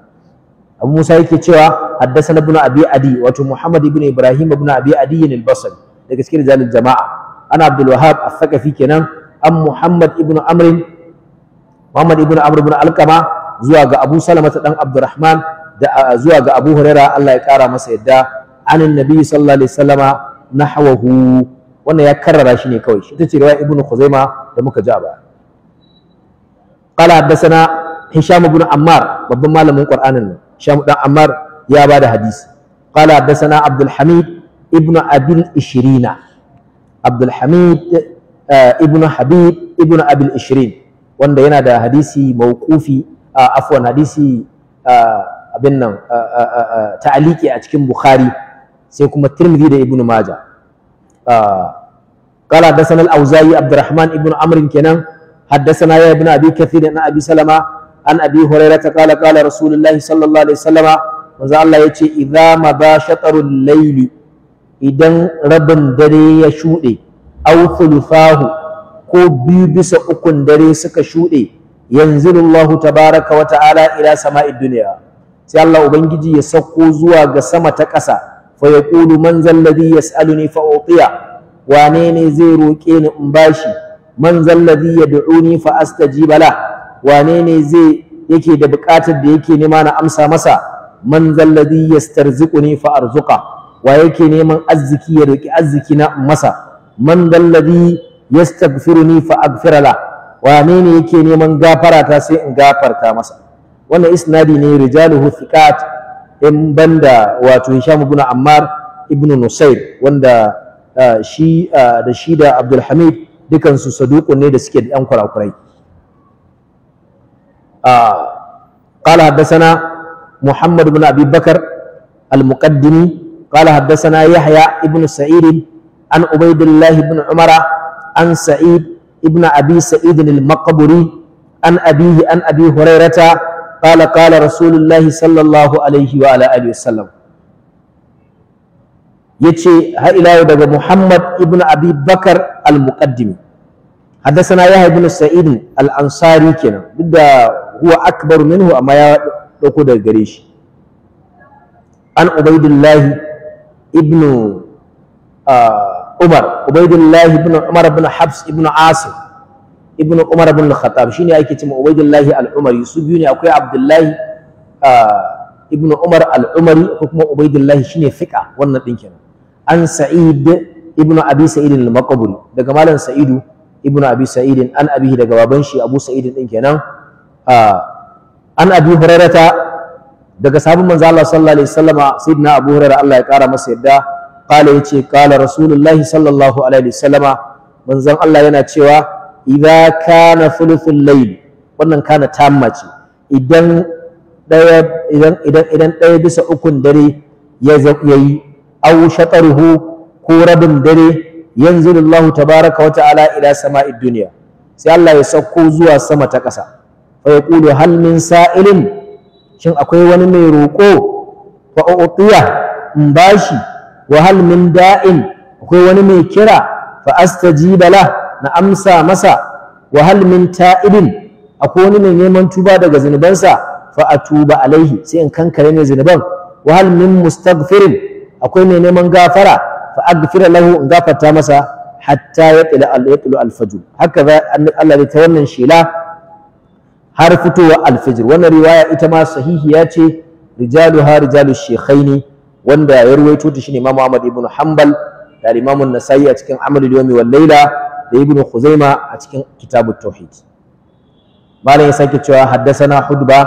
abu musa yake cewa haddasa na abi adi wato muhammad ibn ibrahim ibn abi adi al-basri daga cikin rijalin jama'a ana abdul wahab a sakafi kenan an muhammad ibn amrin muhammad ibn amr ibn alqama zuwa ga abu salama ta dan abdurrahman da zuwa ga abu huraira Allah ya ƙara masa yadda anan nabi sallallahu alaihi wasallama nahwahu wannan ya karrara shi ne kawai shi ta ce riwaya ibn khuzaima da muka ji a baya قال حدثنا هشام بن عمار babban malamin Qur'anin nan Hisham dan Ammar ya bada hadisi قال حدثنا عبد الحميد ابن ابي العشرين عبد الحميد ابن حبيب ابن ابي wanda yana da hadisi mauqufi afwan hadisi abin nan ta'aliki a cikin Bukhari sai kuma Tirmidhi da Ibn Majah قال حدثنا الأوزاعي عبد الرحمن ابن عمرو kenan. حدثنا يا ابن أبي كثير عن أبي سلمة عن أبي هريرة قال قال رسول الله صلى الله عليه وسلم وزع الله يتي إذا مضى شطر الليل rabin dare ya shuɗe, أو ثلثاه ko biyu bisa ukun dare suka shuɗe yanzu Allah tabaraka wa ta'ala ila sama'id duniya sai Allah ubangiji ya sauko zuwa ga sama ta ƙasa fa yaqulu man zalladhi yas'aluni fa utiya wane ne zai roƙe ni in bashi man zalladhi yad'uni fa astajiba la wane ne zai yake da buƙatar da yake nema na amsa masa man zalladhi yastarziquni fa arzuqa wa yake neman arziki ya roki arziki na masa man zalladhi yastaghfiruni fa aghfira la wane ne yake neman gafara ta sai in gafarta masa wannan isnadi ne rijaluhu thiqat in banda wato Hisham ibn Ammar ibn Nusair wanda ah, shi ah, da shi da Abdul Hamid dukansu saduƙun ne da suke da ƴan kurakurai. Ƙala haddasana Muhammad ibn Abi Bakar al-Muqaddimi, ƙala haddasana Yahya ibn Sa'id an Ubaidullah ibn Umar an Sa'id ibn Abi Sa'id al-Maqburi an Abihi an Abi Hurairata قال قال رسول الله صلى الله عليه yace har ila daga Muhammad ibn Abi Bakar al-Muqaddimi حدثنا يحيى بن سعيد الانصاري كنا بدا هو اكبر منه amma ya dauko daga gare shi an ubaidillah ibn ah, umar ubaidillah ibn umar ibn habs ibn asim ibn umar ibn al-khattab shine ake cewa ubaidillah al-umari su biyu ne akwai abdullah ah, ibn umar al-umari ko kuma ubaidillah shine fiqa wannan din kenan an sa'id ibn abi sa'id al-maqburi daga malam sa'idu ibn abi sa'id an abihi daga baban shi abu sa'id din kenan ah, an abi hurairata daga sahabban manzo Allah sallallahu alaihi wasallama sayyidina abu hurairah Allah ya kara masa yadda qala yace qala rasulullahi sallallahu alaihi wasallama manzon Allah yana cewa idza kana thuluthul layl wannan kana tamma ce idan daya idan idan idan daya bisa ukun dare ya yayi aw shataruhu ko rabin dare yanzu Allah tabaraka wa ta'ala ila sama'id dunya sai Allah ya sauko zuwa sama ta ƙasa fa yaqulu hal min sa'ilin shin akwai wani mai roƙo fa u'tiya in bashi wa hal min da'in akwai wani mai kira fa astajiba la na amsa masa wa hal min ta'ibin akwai wani mai neman tuba daga zunubansa fa atuba alaihi sai in kankare ne zunuban wa hal min mustaghfirin akwai mai neman gafara fa aghfira lahu in gafarta masa hatta yaqila al-yaqulu al-fajr haka Allah ne ta wannan shila har fitowa al-fajr wannan riwaya ita ma sahihiya ce Rijalu ha rijalu shaykhaini wanda ya ruwaito ta shine Imam Ahmad ibn Hanbal da Imam An-Nasa'i a cikin Amalul Yawmi wal Layla da Ibn Khuzaima a cikin Kitabut Tauhid malam ya sake cewa haddasana Hudba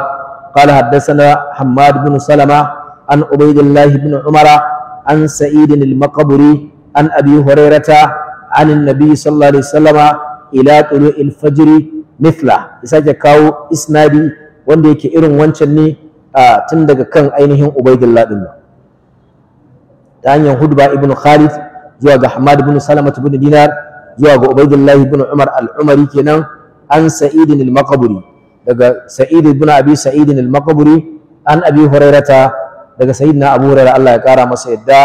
qala haddasana Hammad ibn Salama an Ubaydillah ibn Umara An سعيد المقبري an أبي هريرة عن النبي صلى الله عليه وسلم إلى طلوع الفجر مثله إساجة wanda yake irin wancan ne tun daga kan ainihin Ubaidullah din nan ta hanyar Hudba ibn Khalid zuwa ga Hamad ibn Salama ibn Dinar zuwa ga Ubaidullah ibn Umar al-Umari kenan an Sa'id al daga Sa'id ibn Abi Sa'id al an Abi Hurairata daga sayyidina Abu Hurairah Allah ya kara masa yadda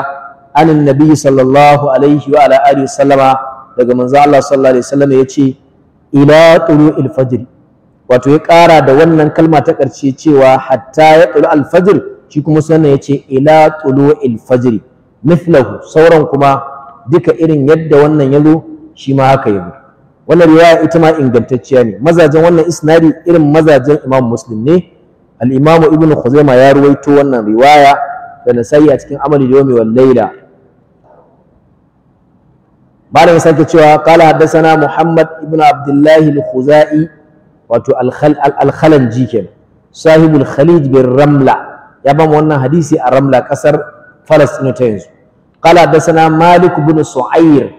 anin nabi sallallahu alaihi wa ala alihi sallama daga manzo Allah sallallahu alaihi wasallam yace ila wato ya kara da wannan kalma ta karshe cewa hatta ya tulu al shi kuma sannan yace ila tulu'il fajr mithlahu sauran kuma duka irin yadda wannan zo shi ma haka zo. wannan riwaya ita ma ingantacciya ne mazajen wannan isnadi irin mazajen Imam Muslim ne al-imamu ibnu khuzaima ya ruwaito wannan riwaya da nasai a cikin amali yawmi wal layla malam sake cewa qala haddathana muhammad Ibn abdullah al wato al-khalanji kenan sahibul khalid bin ramla ya bama wannan hadisi a ramla kasar falastin ta yanzu qala haddathana malik ibn su'air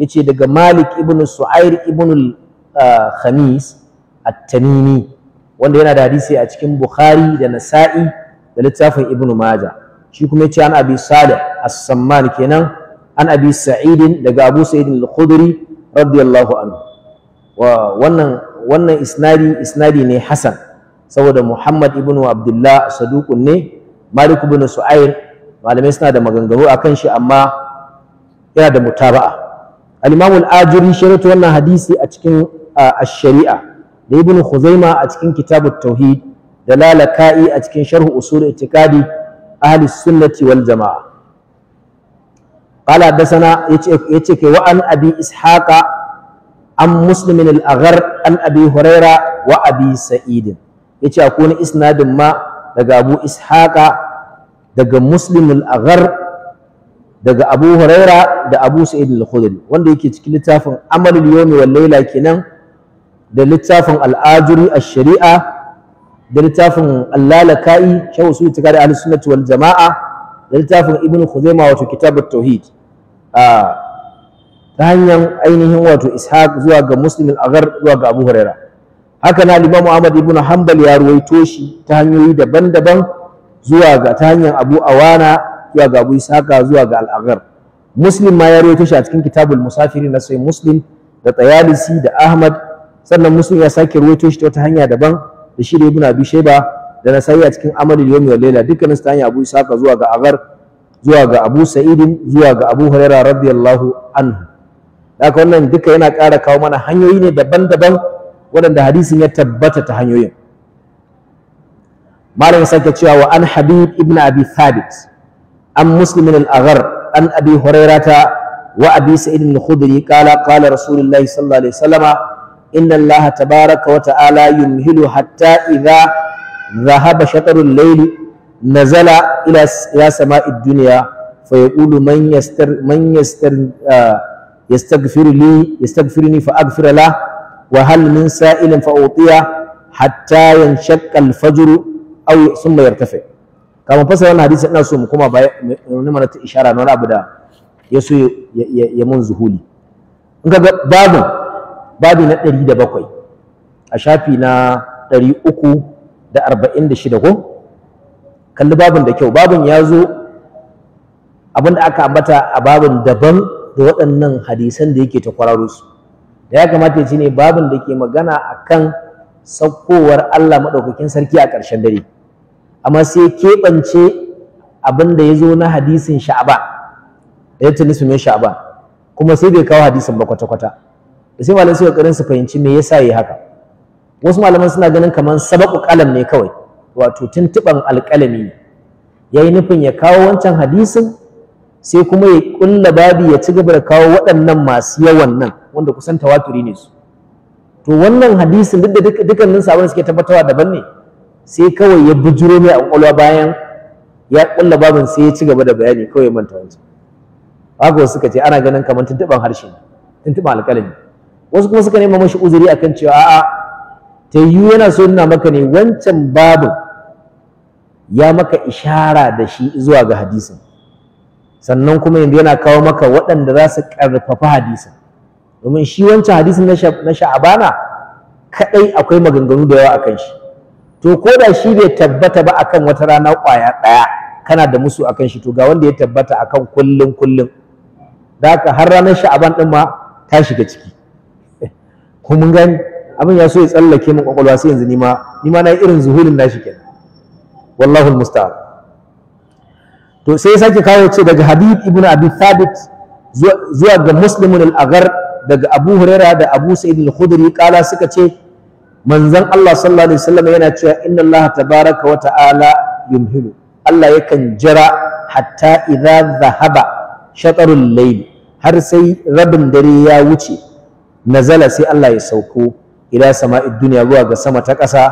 yace daga malik ibn su'air ibn al-khamis ah, at-tamimi wanda yana da hadisi a cikin Bukhari da Nasa'i da littafin Ibn maja shi kuma yace an Abi Salih As-Samman kenan an Abi Sa'id daga Abu Sa'id Al-Khudri radiyallahu anhu wa wannan wannan isnadi isnadi ne hasan saboda Muhammad ibn Abdullah saduqun ne Malik ibn Su'air malamai suna da maganganu akan shi amma yana da mutaba'a al-Imam al-Ajuri wannan hadisi a cikin ash-Shari'a da ibn khuzaima a cikin kitabut tauhid da lalaka'i a cikin sharh usul itikadi ahli sunnati wal jamaa qala hadathana yace yace ke wa an abi ishaqa an muslimin al-aghar an abi huraira wa abi sa'id yace akwai ni isnadin ma daga abu ishaqa daga muslim al-aghar daga abu huraira da abu sa'id al-khudri wanda yake cikin littafin amalul yawmi wal layla kenan da littafin al'ajuri a shari'a da littafin allalaka'i shahu su itikari ahli sunnati wal jama'a da littafin ibn khuzaima wato kitabut tauhid ta hanyar ainihin wato ishaq zuwa ga muslim al-aghar zuwa ga abu huraira haka na limamu ahmad ibn hanbal ya ruwaito shi ta hanyoyi daban-daban zuwa ga ta hanyar abu awana zuwa ga abu Ishaq zuwa ga al-aghar muslim ma ya ruwaito shi a cikin kitabul musafiri na sai muslim da tayalisi da ahmad sannan Musulun ya sake ruwaito shi ta wata hanya daban da shi da ibn abi shayba da nasai a cikin amalul yawmi wal layla dukkanin su ta hanya abu isaka zuwa ga agar zuwa ga abu sa'idin zuwa ga abu hurairah radiyallahu anhu haka wannan duka yana ƙara kawo mana hanyoyi ne daban-daban waɗanda hadisin ya tabbata ta hanyoyin malam sake cewa wa an habib ibn abi thabit an muslimin al-aghar an abi hurairata wa abi sa'id al-khudri qala qala rasulullahi sallallahu alaihi wasallama inna allaha tabaraka wa ta'ala yumhilu hatta idza dhahaba shatrul layli nazala ila ila sama'id dunya fa yaqulu man yastar man yastar ah, yastaghfir li yastaghfirni fa aghfir la wa hal min sa'ilin fa utiya hatta yanshaqqa al fajr aw thumma yartafi kama fasara wannan hadisi ina so mu baya ishara na wani abu da ya mun in babu Babi na ɗari da bakwai a shafi na ɗari uku da arba'in da shida ko kalli babin da kyau babin ya zo abin da aka ambata a babin daban da waɗannan hadisan da yake ta kwararo su da ya kamata ya ci ne babin da ke magana a kan saukowar Allah maɗaukakin sarki a ƙarshen dare amma sai keɓance abin da ya zo na hadisin sha'aba da ya tuni sunan sha'aba kuma sai bai kawo hadisin ba kwata-kwata sai malamai suka kokarin su fahimci me yasa yi haka wasu malaman suna ganin kamar sabaku kalam ne kawai wato tuntuban alƙalami yayi nufin ya kawo wancan hadisin sai kuma ya kulla babi ya ci gaba da kawo waɗannan masu yawan nan wanda kusan tawaturi ne su to wannan hadisin duk da dukkanin sabon suke tabbatawa daban ne sai kawai ya bujuro ne a kwakwalwa bayan ya kulla babin sai ya ci gaba da bayani kawai manta wancan haka wasu suka ce ana ganin kamar tuntuɓan harshe tuntuɓan alƙalami wasu kuma suka nema mashi uzuri akan cewa a'a ta yiwu yana so nuna maka ne wancan babu ya maka ishara da shi zuwa ga hadisin sannan kuma yanzu yana kawo maka waɗanda za su ƙarfafa hadisin domin shi wancan hadisin na sha'abana kaɗai akwai maganganu da yawa akan shi to ko da shi bai tabbata ba akan wata rana ƙwaya ɗaya kana da musu akan shi to ga wanda ya tabbata akan kullum kullum da haka har ranar sha'aban ɗin ma ta shiga ciki ko mun gani abin ya so ya tsallake min kwakwalwa sai yanzu nima nima na irin zuhulin nashi kenan wallahu to sai ya sake kawo ce daga habib ibnu abi thabit zuwa ga muslimun al-aghar daga abu huraira da abu sa'id al-khudri kala suka ce manzon Allah sallallahu alaihi wasallam yana cewa inna Allah tabaraka wa ta'ala yumhilu Allah yakan jira hatta idza dhahaba shatarul layl har sai rabin dare ya wuce nazala sai Allah ya sauko ila sama'id dunya zuwa ga sama ta ƙasa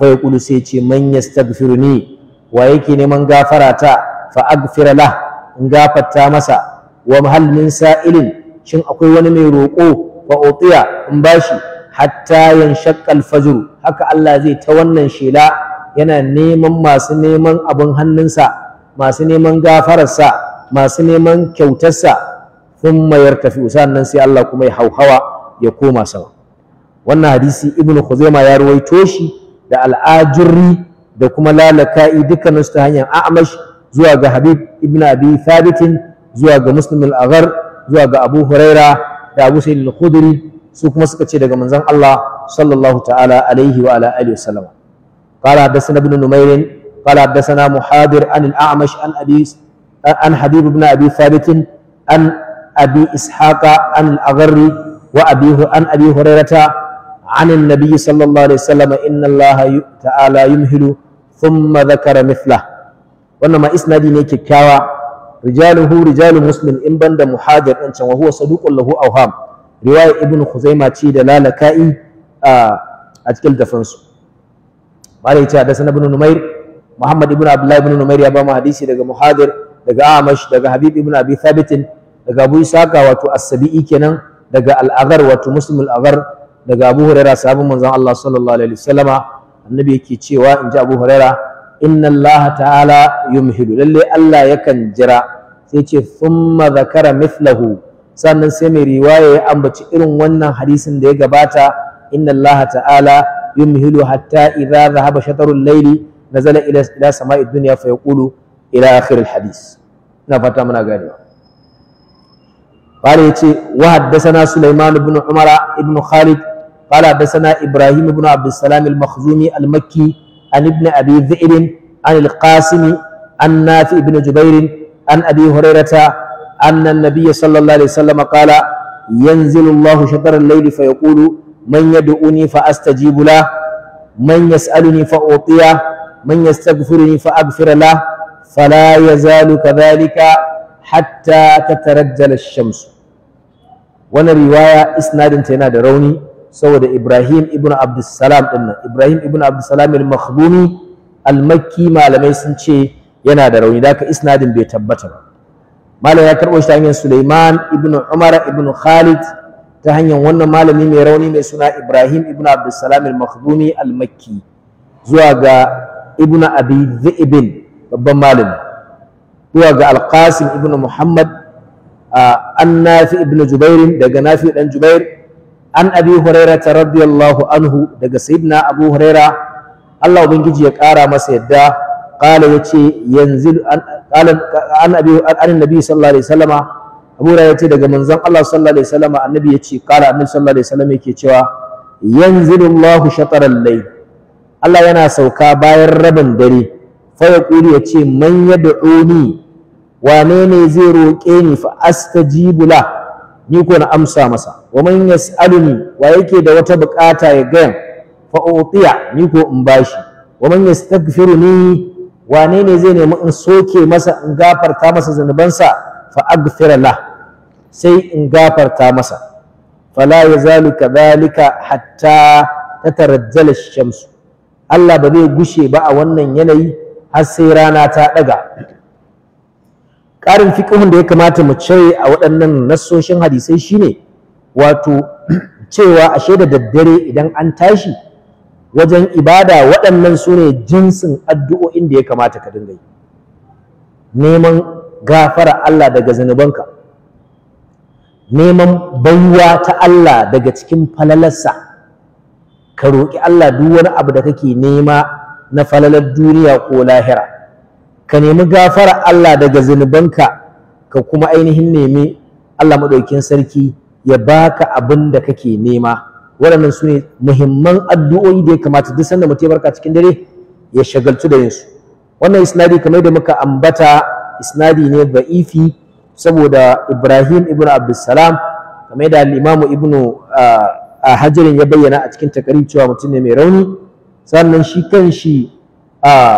fa yaqulu sai ce man yastaghfiruni wa yake neman gafara ta fa aghfira lah in gafarta masa wa mahal min sa'ilin shin akwai wani mai roƙo fa utiya in bashi hatta yanshaqqa al-fajr haka Allah zai ta wannan shela yana neman masu neman abin hannunsa masu neman gafararsa masu neman kyautarsa sun mayar tafi sannan sai Allah kuma ya hauhawa ya koma sama wannan hadisi ibnu khuzaima ya ruwaito shi da al-ajurri da kuma lalaka'i dukkanin su ta hanyar a'mash zuwa ga habib ibn abi thabitin zuwa ga muslim al-aghar zuwa ga abu huraira da abu sa'id al-khudri su kuma suka ce daga manzon Allah sallallahu ta'ala alaihi wa ala alihi wasallam qala hadathana ibn numayr qala hadathana muhadir an al-a'mash an abi an habib ibn abi thabitin an abi ishaqa an al-aghri وأبيه عن أبي هريرة عن النبي صلى الله عليه وسلم إن الله تعالى يمهل ثم ذكر مثله وإنما إسنادي نيكي كاوا رجاله رجال مسلم إن بند محاجر أنت وهو صدوق له أوهام رواية ابن خزيمة تشيد لا لكائي أتكل دفنسو malai ce hadathana ibn numair muhammad ibn abdullah ibn numair ya ba mu hadisi daga muhadir daga amash daga habib ibn abi thabit daga abu isaka wato as-sabi'i kenan daga al'agar wato muslim al'agar daga abu huraira sahabin manzon Allah sallallahu alaihi wasallama annabi yake cewa in ji abu huraira inna Allah ta'ala yumhilu lalle Allah yakan jira sai ce thumma zakara mithlahu sannan sai mai riwaya ya ambaci irin wannan hadisin da ya gabata inna Allah ta'ala yumhilu hatta idza dhahaba shatarul layli nazala ila ila sama'id dunya fa yaqulu ila akhir al hadis ina fata muna ganewa قال يتي وحدثنا سليمان بن عمر بن خالد قال حدثنا إبراهيم بن عبد السلام المخزومي المكي عن ابن أبي ذئب عن القاسم عن نافع بن جبير عن أبي هريرة أن النبي صلى الله عليه وسلم قال ينزل الله شطر الليل فيقول من يدعوني فأستجيب له من يسألني فأعطيه من يستغفرني فأغفر له فلا يزال كذلك hatta tatarajjala shamsu wannan riwaya isnadinta yana da rauni saboda Ibrahim ibn Abdussalam dinnan Ibrahim ibn Abdussalam al-Makhdumi al-Makki malamai sun ce yana da rauni da haka isnadin bai tabbata ba malam ya karbo shi ta hanyar Sulaiman ibn Umar ibn Khalid ta hanyar wannan malami mai rauni mai suna Ibrahim ibn Abdussalam al-Makhdumi al-Makki zuwa ga ibn Abi Dhi'bin babban malami zuwa ga Alƙasim ibn muhammad an nafi ibn jubair daga nafi dan jubair an abi hurairah radiyallahu anhu daga sayyidina abu hurairah Allah ubangiji ya ƙara masa yadda qala yace yanzu an abi an nabi sallallahu alaihi wasallama Abu Hurairah daga manzon Allah sallallahu alaihi wasallama annabi yace qala annabi sallallahu alaihi wasallama yake cewa yanzilullahu shataral layl Allah yana sauka bayan rabin dare fayaqulu ya ce man yad'uni wane ne zai roƙe ni fa astajibu la ni ko na amsa masa wa man yas'aluni wa yake da wata bukata ya gayan fa utiya ni ko in bashi wa man ni? wane ne zai nemi in soke masa in gafarta masa zanubansa fa aghfira la sai in gafarta masa fala yazalu kadhalika hatta tatarajjala shamsu Allah ba zai gushe ba a wannan yanayi har sai rana ta ɗaga ƙarin fiƙihun da ya kamata mu cire a waɗannan nassoshin hadisai shine wato cewa ashe da daddare idan an tashi wajen ibada waɗannan su ne jinsin addu'o'in da ya kamata ka dinga yi neman gafara Allah daga zanubanka neman baiwa ta Allah daga cikin falalarsa ka roƙi Allah duk wani abu da kake nema na falalar duniya ko lahira ka nemi gafara Allah daga zunubanka ka kuma ainihin nemi Allah maɗaukin sarki ya baka abin da kake nema waɗannan su ne muhimman addu'o'i da ya kamata duk sanda mutum ya barka cikin dare ya shagaltu da yinsu wannan isnadi kamar da muka ambata isnadi ne ba'ifi saboda Ibrahim ibn Abdulsalam kamar da al-Imam ibn ah, Hajar ya bayyana a cikin takarir cewa mutum ne mai rauni sannan shi kan shi a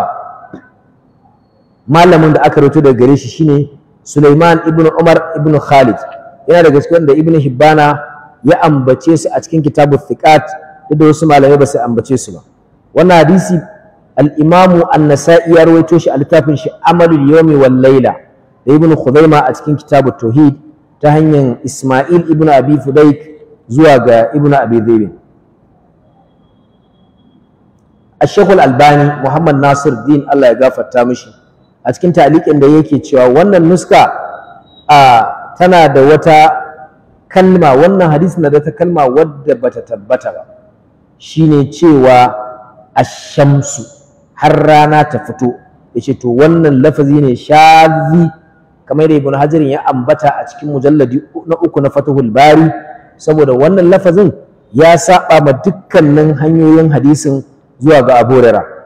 malamin da aka rutu daga gare shi shine Sulaiman ibn Umar ibn Khalid yana daga cikin da Ibn Hibbana ya ambace su a cikin kitabu Thiqat da wasu malamai ba su ambace su ba wannan hadisi al-Imam An-Nasa'i ya rawaito shi a littafin shi Amalul Yawmi wal Layla da Ibn Khuzaima a cikin kitabu Tauhid ta hanyar Isma'il ibn Abi Fudayk zuwa ga Ibn Abi Zaid Ashekul Albani Muhammad Nasir Din Allah ya gafarta mishi a cikin talikin da yake cewa wannan nuska a tana da wata kalma wannan hadisi na da ta kalma wadda bata tabbata ba shine cewa shamsu har rana ta fito yace to wannan lafazi ne shazi kamar da Ibn Hajar ya ambata a cikin mujalladi na uku na Fathul Bari saboda wannan lafazin ya saba ma dukkanin hanyoyin hadisin zuwa ga Abu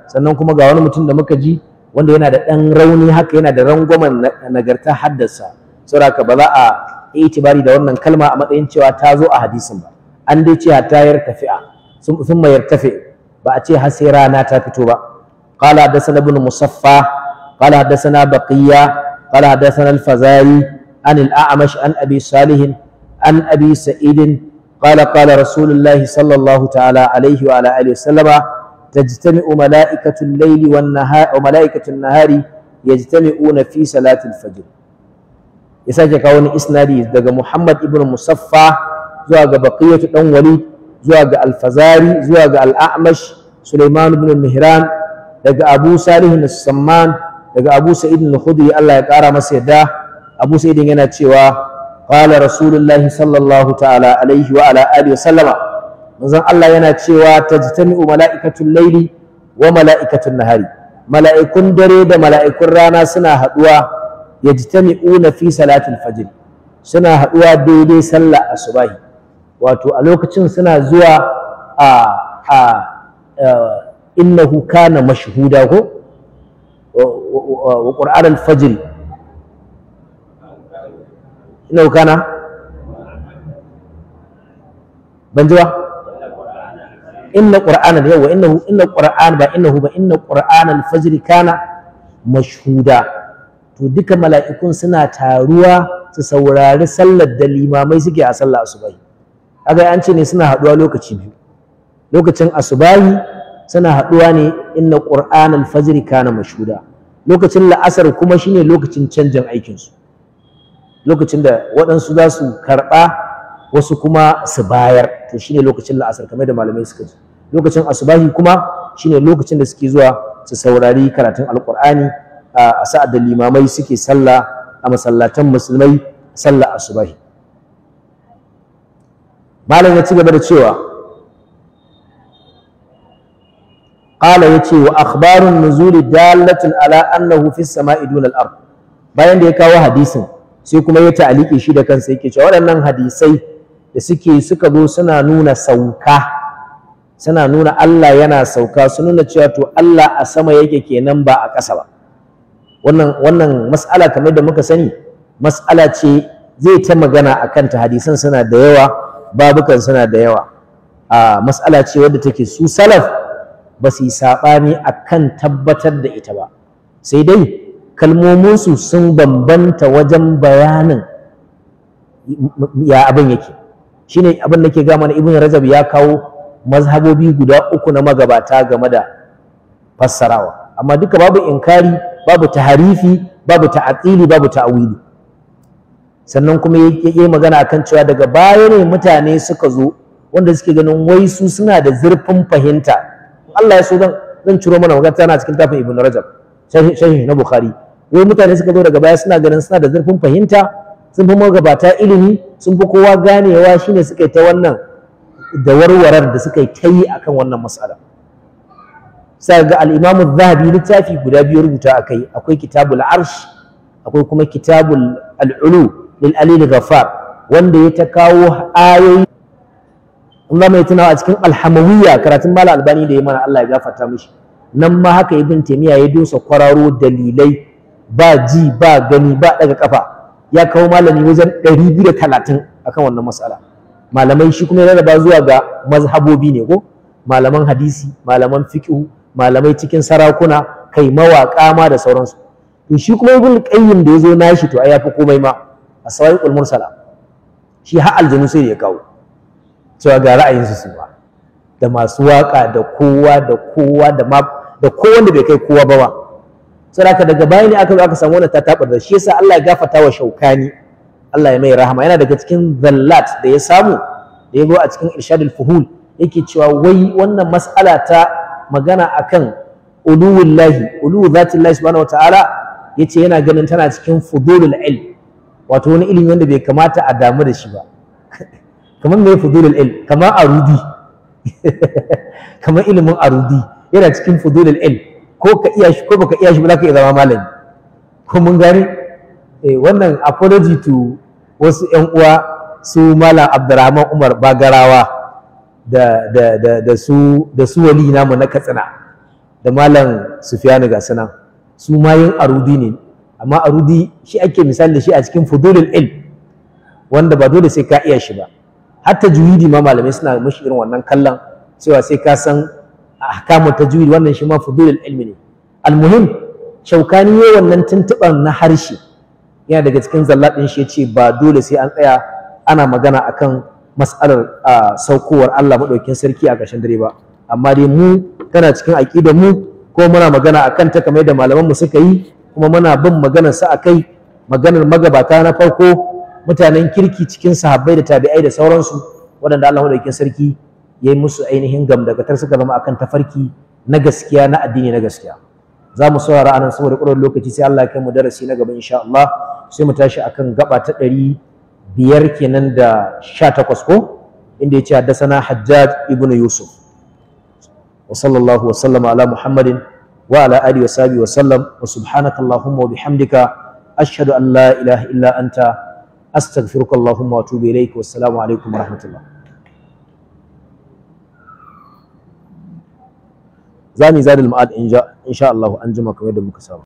sannan kuma ga wani mutum da muka ji wanda yana da ɗan rauni haka yana da rangwamen nagarta haddasa saboda ba za a itibari da wannan kalma a matsayin cewa ta zo a hadisin ba an dai ce ta yartafi'a sun ma yartafi ba a ce har sai rana ta fito ba قال حدثنا ابن مصفى قال حدثنا بقية قال حدثنا الفزاري عن الأعمش عن أبي صالح عن أبي سعيد قال قال رسول الله صلى الله تعالى عليه وعلى آله وسلم تجتمع ملائكة الليل والنهار وملائكة النهار يجتمعون في صلاة الفجر يساجي كوني إسنادي دقى محمد ابن مصفى زواج بقية بن وليد زواج الفزاري زواج الأعمش سليمان بن المهران دقى أبو صالح السمان دقى أبو سعيد الخدري الله يقارى مسيدا أبو سعيد ينتشي قال رسول الله صلى الله تعالى عليه وعلى آله وسلم manzon Allah yana cewa tajtami'u mala'ikatul laili wa mala'ikatul nahari mala'ikun dare da mala'ikun rana suna haduwa na fi salatil fajr suna haduwa daidai sallah asubahi wato a lokacin suna zuwa a a innahu kana mashhuda ko wa qur'an al-fajr innahu kana banjuwa inna qur'ana da yawa innahu inna qur'an ba innahu ba inna qur'ana al-fajr kana mashhuda to duka mala'ikun suna taruwa su saurari sallar da limamai suke a sallar asubahi kaga an ce ne suna haduwa lokaci biyu lokacin asubahi suna haduwa ne inna qur'an al-fajr kana mashhuda lokacin la'asar kuma shine lokacin canjin aikin su lokacin da waɗansu za su karɓa wasu kuma su bayar to shine lokacin la'asar kamar da malamai suka ji lokacin asubahi kuma shine lokacin da suke zuwa su saurari karatun alqur'ani a sa'ad da limamai suke sallah a masallatan musulmai sallah asubahi malam ya ci gaba da cewa qala yace wa akhbarun nuzuli dalatun ala annahu fis sama'i dunal ard bayan da ya kawo hadisin sai kuma ya ta'alike shi da kansa yake cewa waɗannan hadisai da suke suka zo suna nuna sauka suna nuna Allah yana sauka su nuna cewa to Allah a sama yake kenan ba a ƙasa ba wannan wannan mas'ala kamar da muka sani mas'ala ce zai ta magana a kanta hadisan suna da yawa babukan suna da yawa a mas'ala ce wadda take su salaf ba su yi saɓani a kan tabbatar da ita ba sai dai kalmominsu sun bambanta wajen bayanin ya abin yake shine abin da ke ga na ibn rajab ya kawo mazhabobi guda uku na magabata game da fassarawa amma duka babu inkari babu taharifi babu ta'atili babu ta'wili sannan kuma yake magana akan cewa daga baya ne mutane suka zo wanda suke ganin wai su suna da zurfin fahimta Allah ya so zan zan ciro mana magana tana cikin tafin Ibn Rajab sharhi na Bukhari wai mutane suka zo daga baya suna ganin suna da zurfin fahimta sun fi magabata ilimi sun fi kowa ganewa shine suka yi ta wannan da warwarar da suka yi ta yi akan wannan matsala sai ga al zahabi littafi guda biyu rubuta akai akwai Kitabul Arsh akwai kuma Kitabul Al-Ulu lil Alil Ghaffar wanda ya ta kawo ayoyi Allah mai tunawa a cikin al karatun Mala Albani da ya mana Allah ya gafarta mishi nan ma haka Ibn Taymiyyah ya dosa kwararo dalilai ba ji ba gani ba daga kafa ya kawo malami wajen ɗari biyu da talatin akan wannan matsala malamai shi kuma ya ba zuwa ga mazhabobi ne ko malaman hadisi malaman fiqh malamai cikin sarakuna kai mawaka ma da sauransu to shi kuma ibn qayyim da yazo nashi to ayafi yafi komai ma asawaiqul mursala shi har aljanu sai ya kawo to ga ra'ayinsu su ba da masu waka da kowa da kowa da ma da kowanne bai kai kowa ba ba saraka daga baya ne aka zo aka samu wannan ta tabar da shi yasa Allah ya gafarta wa shaukani Allah ya mai rahama yana daga cikin zallat da ya samu da ya zo a cikin irshadul fuhul yake cewa wai wannan mas'ala ta magana akan uluwillahi uluwu zatillahi subhanahu wataala yace yana ganin tana cikin fudulul ilm wato wani ilimi wanda bai kamata a damu da shi ba kamar me fudulul ilm kamar arudi kamar ilimin arudi yana cikin fudulul ilm ko ka iya shi ko baka iya shi ba za iya zama malami ko mun gane eh, wannan apology to wasu ‘yan uwa su Malam Abdurrahman Umar Bagarawa da, da, su, da su wali namu na Katsina da Malam Sufiyanu ga sunan su mayin arudi ne amma arudi shi ake misali da shi a cikin fudulul ilm wanda ba dole sai ka iya shi ba hatta juhidi ma malamai suna mashi irin wannan kallon cewa sai ka san ta tajwid wannan shi ma fudulul ilmi ne almuhim shaukani yayin wannan tuntuban na harshe yana daga cikin zallaɗin shi ya ce ba dole sai an tsaya ana magana akan mas'alar saukowar Allah maɗaukin sarki a ƙarshen dare ba amma dai mu tana cikin aƙidar mu ko muna magana akan ta kamar yadda malaman mu suka yi kuma muna bin maganar sa kai. maganar magabata na farko mutanen kirki cikin sahabbai da tabi'ai da sauransu waɗanda Allah maɗaukin sarki ya yi musu ainihin gamdakatar suka zama akan tafarki na gaskiya na addini na gaskiya za mu saurara anan saboda ƙurar lokaci sai Allah ya kai mu darasi na gaba insha Allah sai mu tashi akan gaba ta ɗari biyar kenan da sha takwas ko inda ya ce haddasana Hajjaj ibn Yusuf wa sallallahu wa sallama ala Muhammadin wa ala alihi wa sahbihi wa sallam wa subhanaka allahumma wa bihamdika ashhadu an la ilaha illa anta astaghfiruka allahumma wa atubu ilayka wa assalamu alaikum wa rahmatullah za mu yi zadul in insha Allah an jima kamar yadda muka saba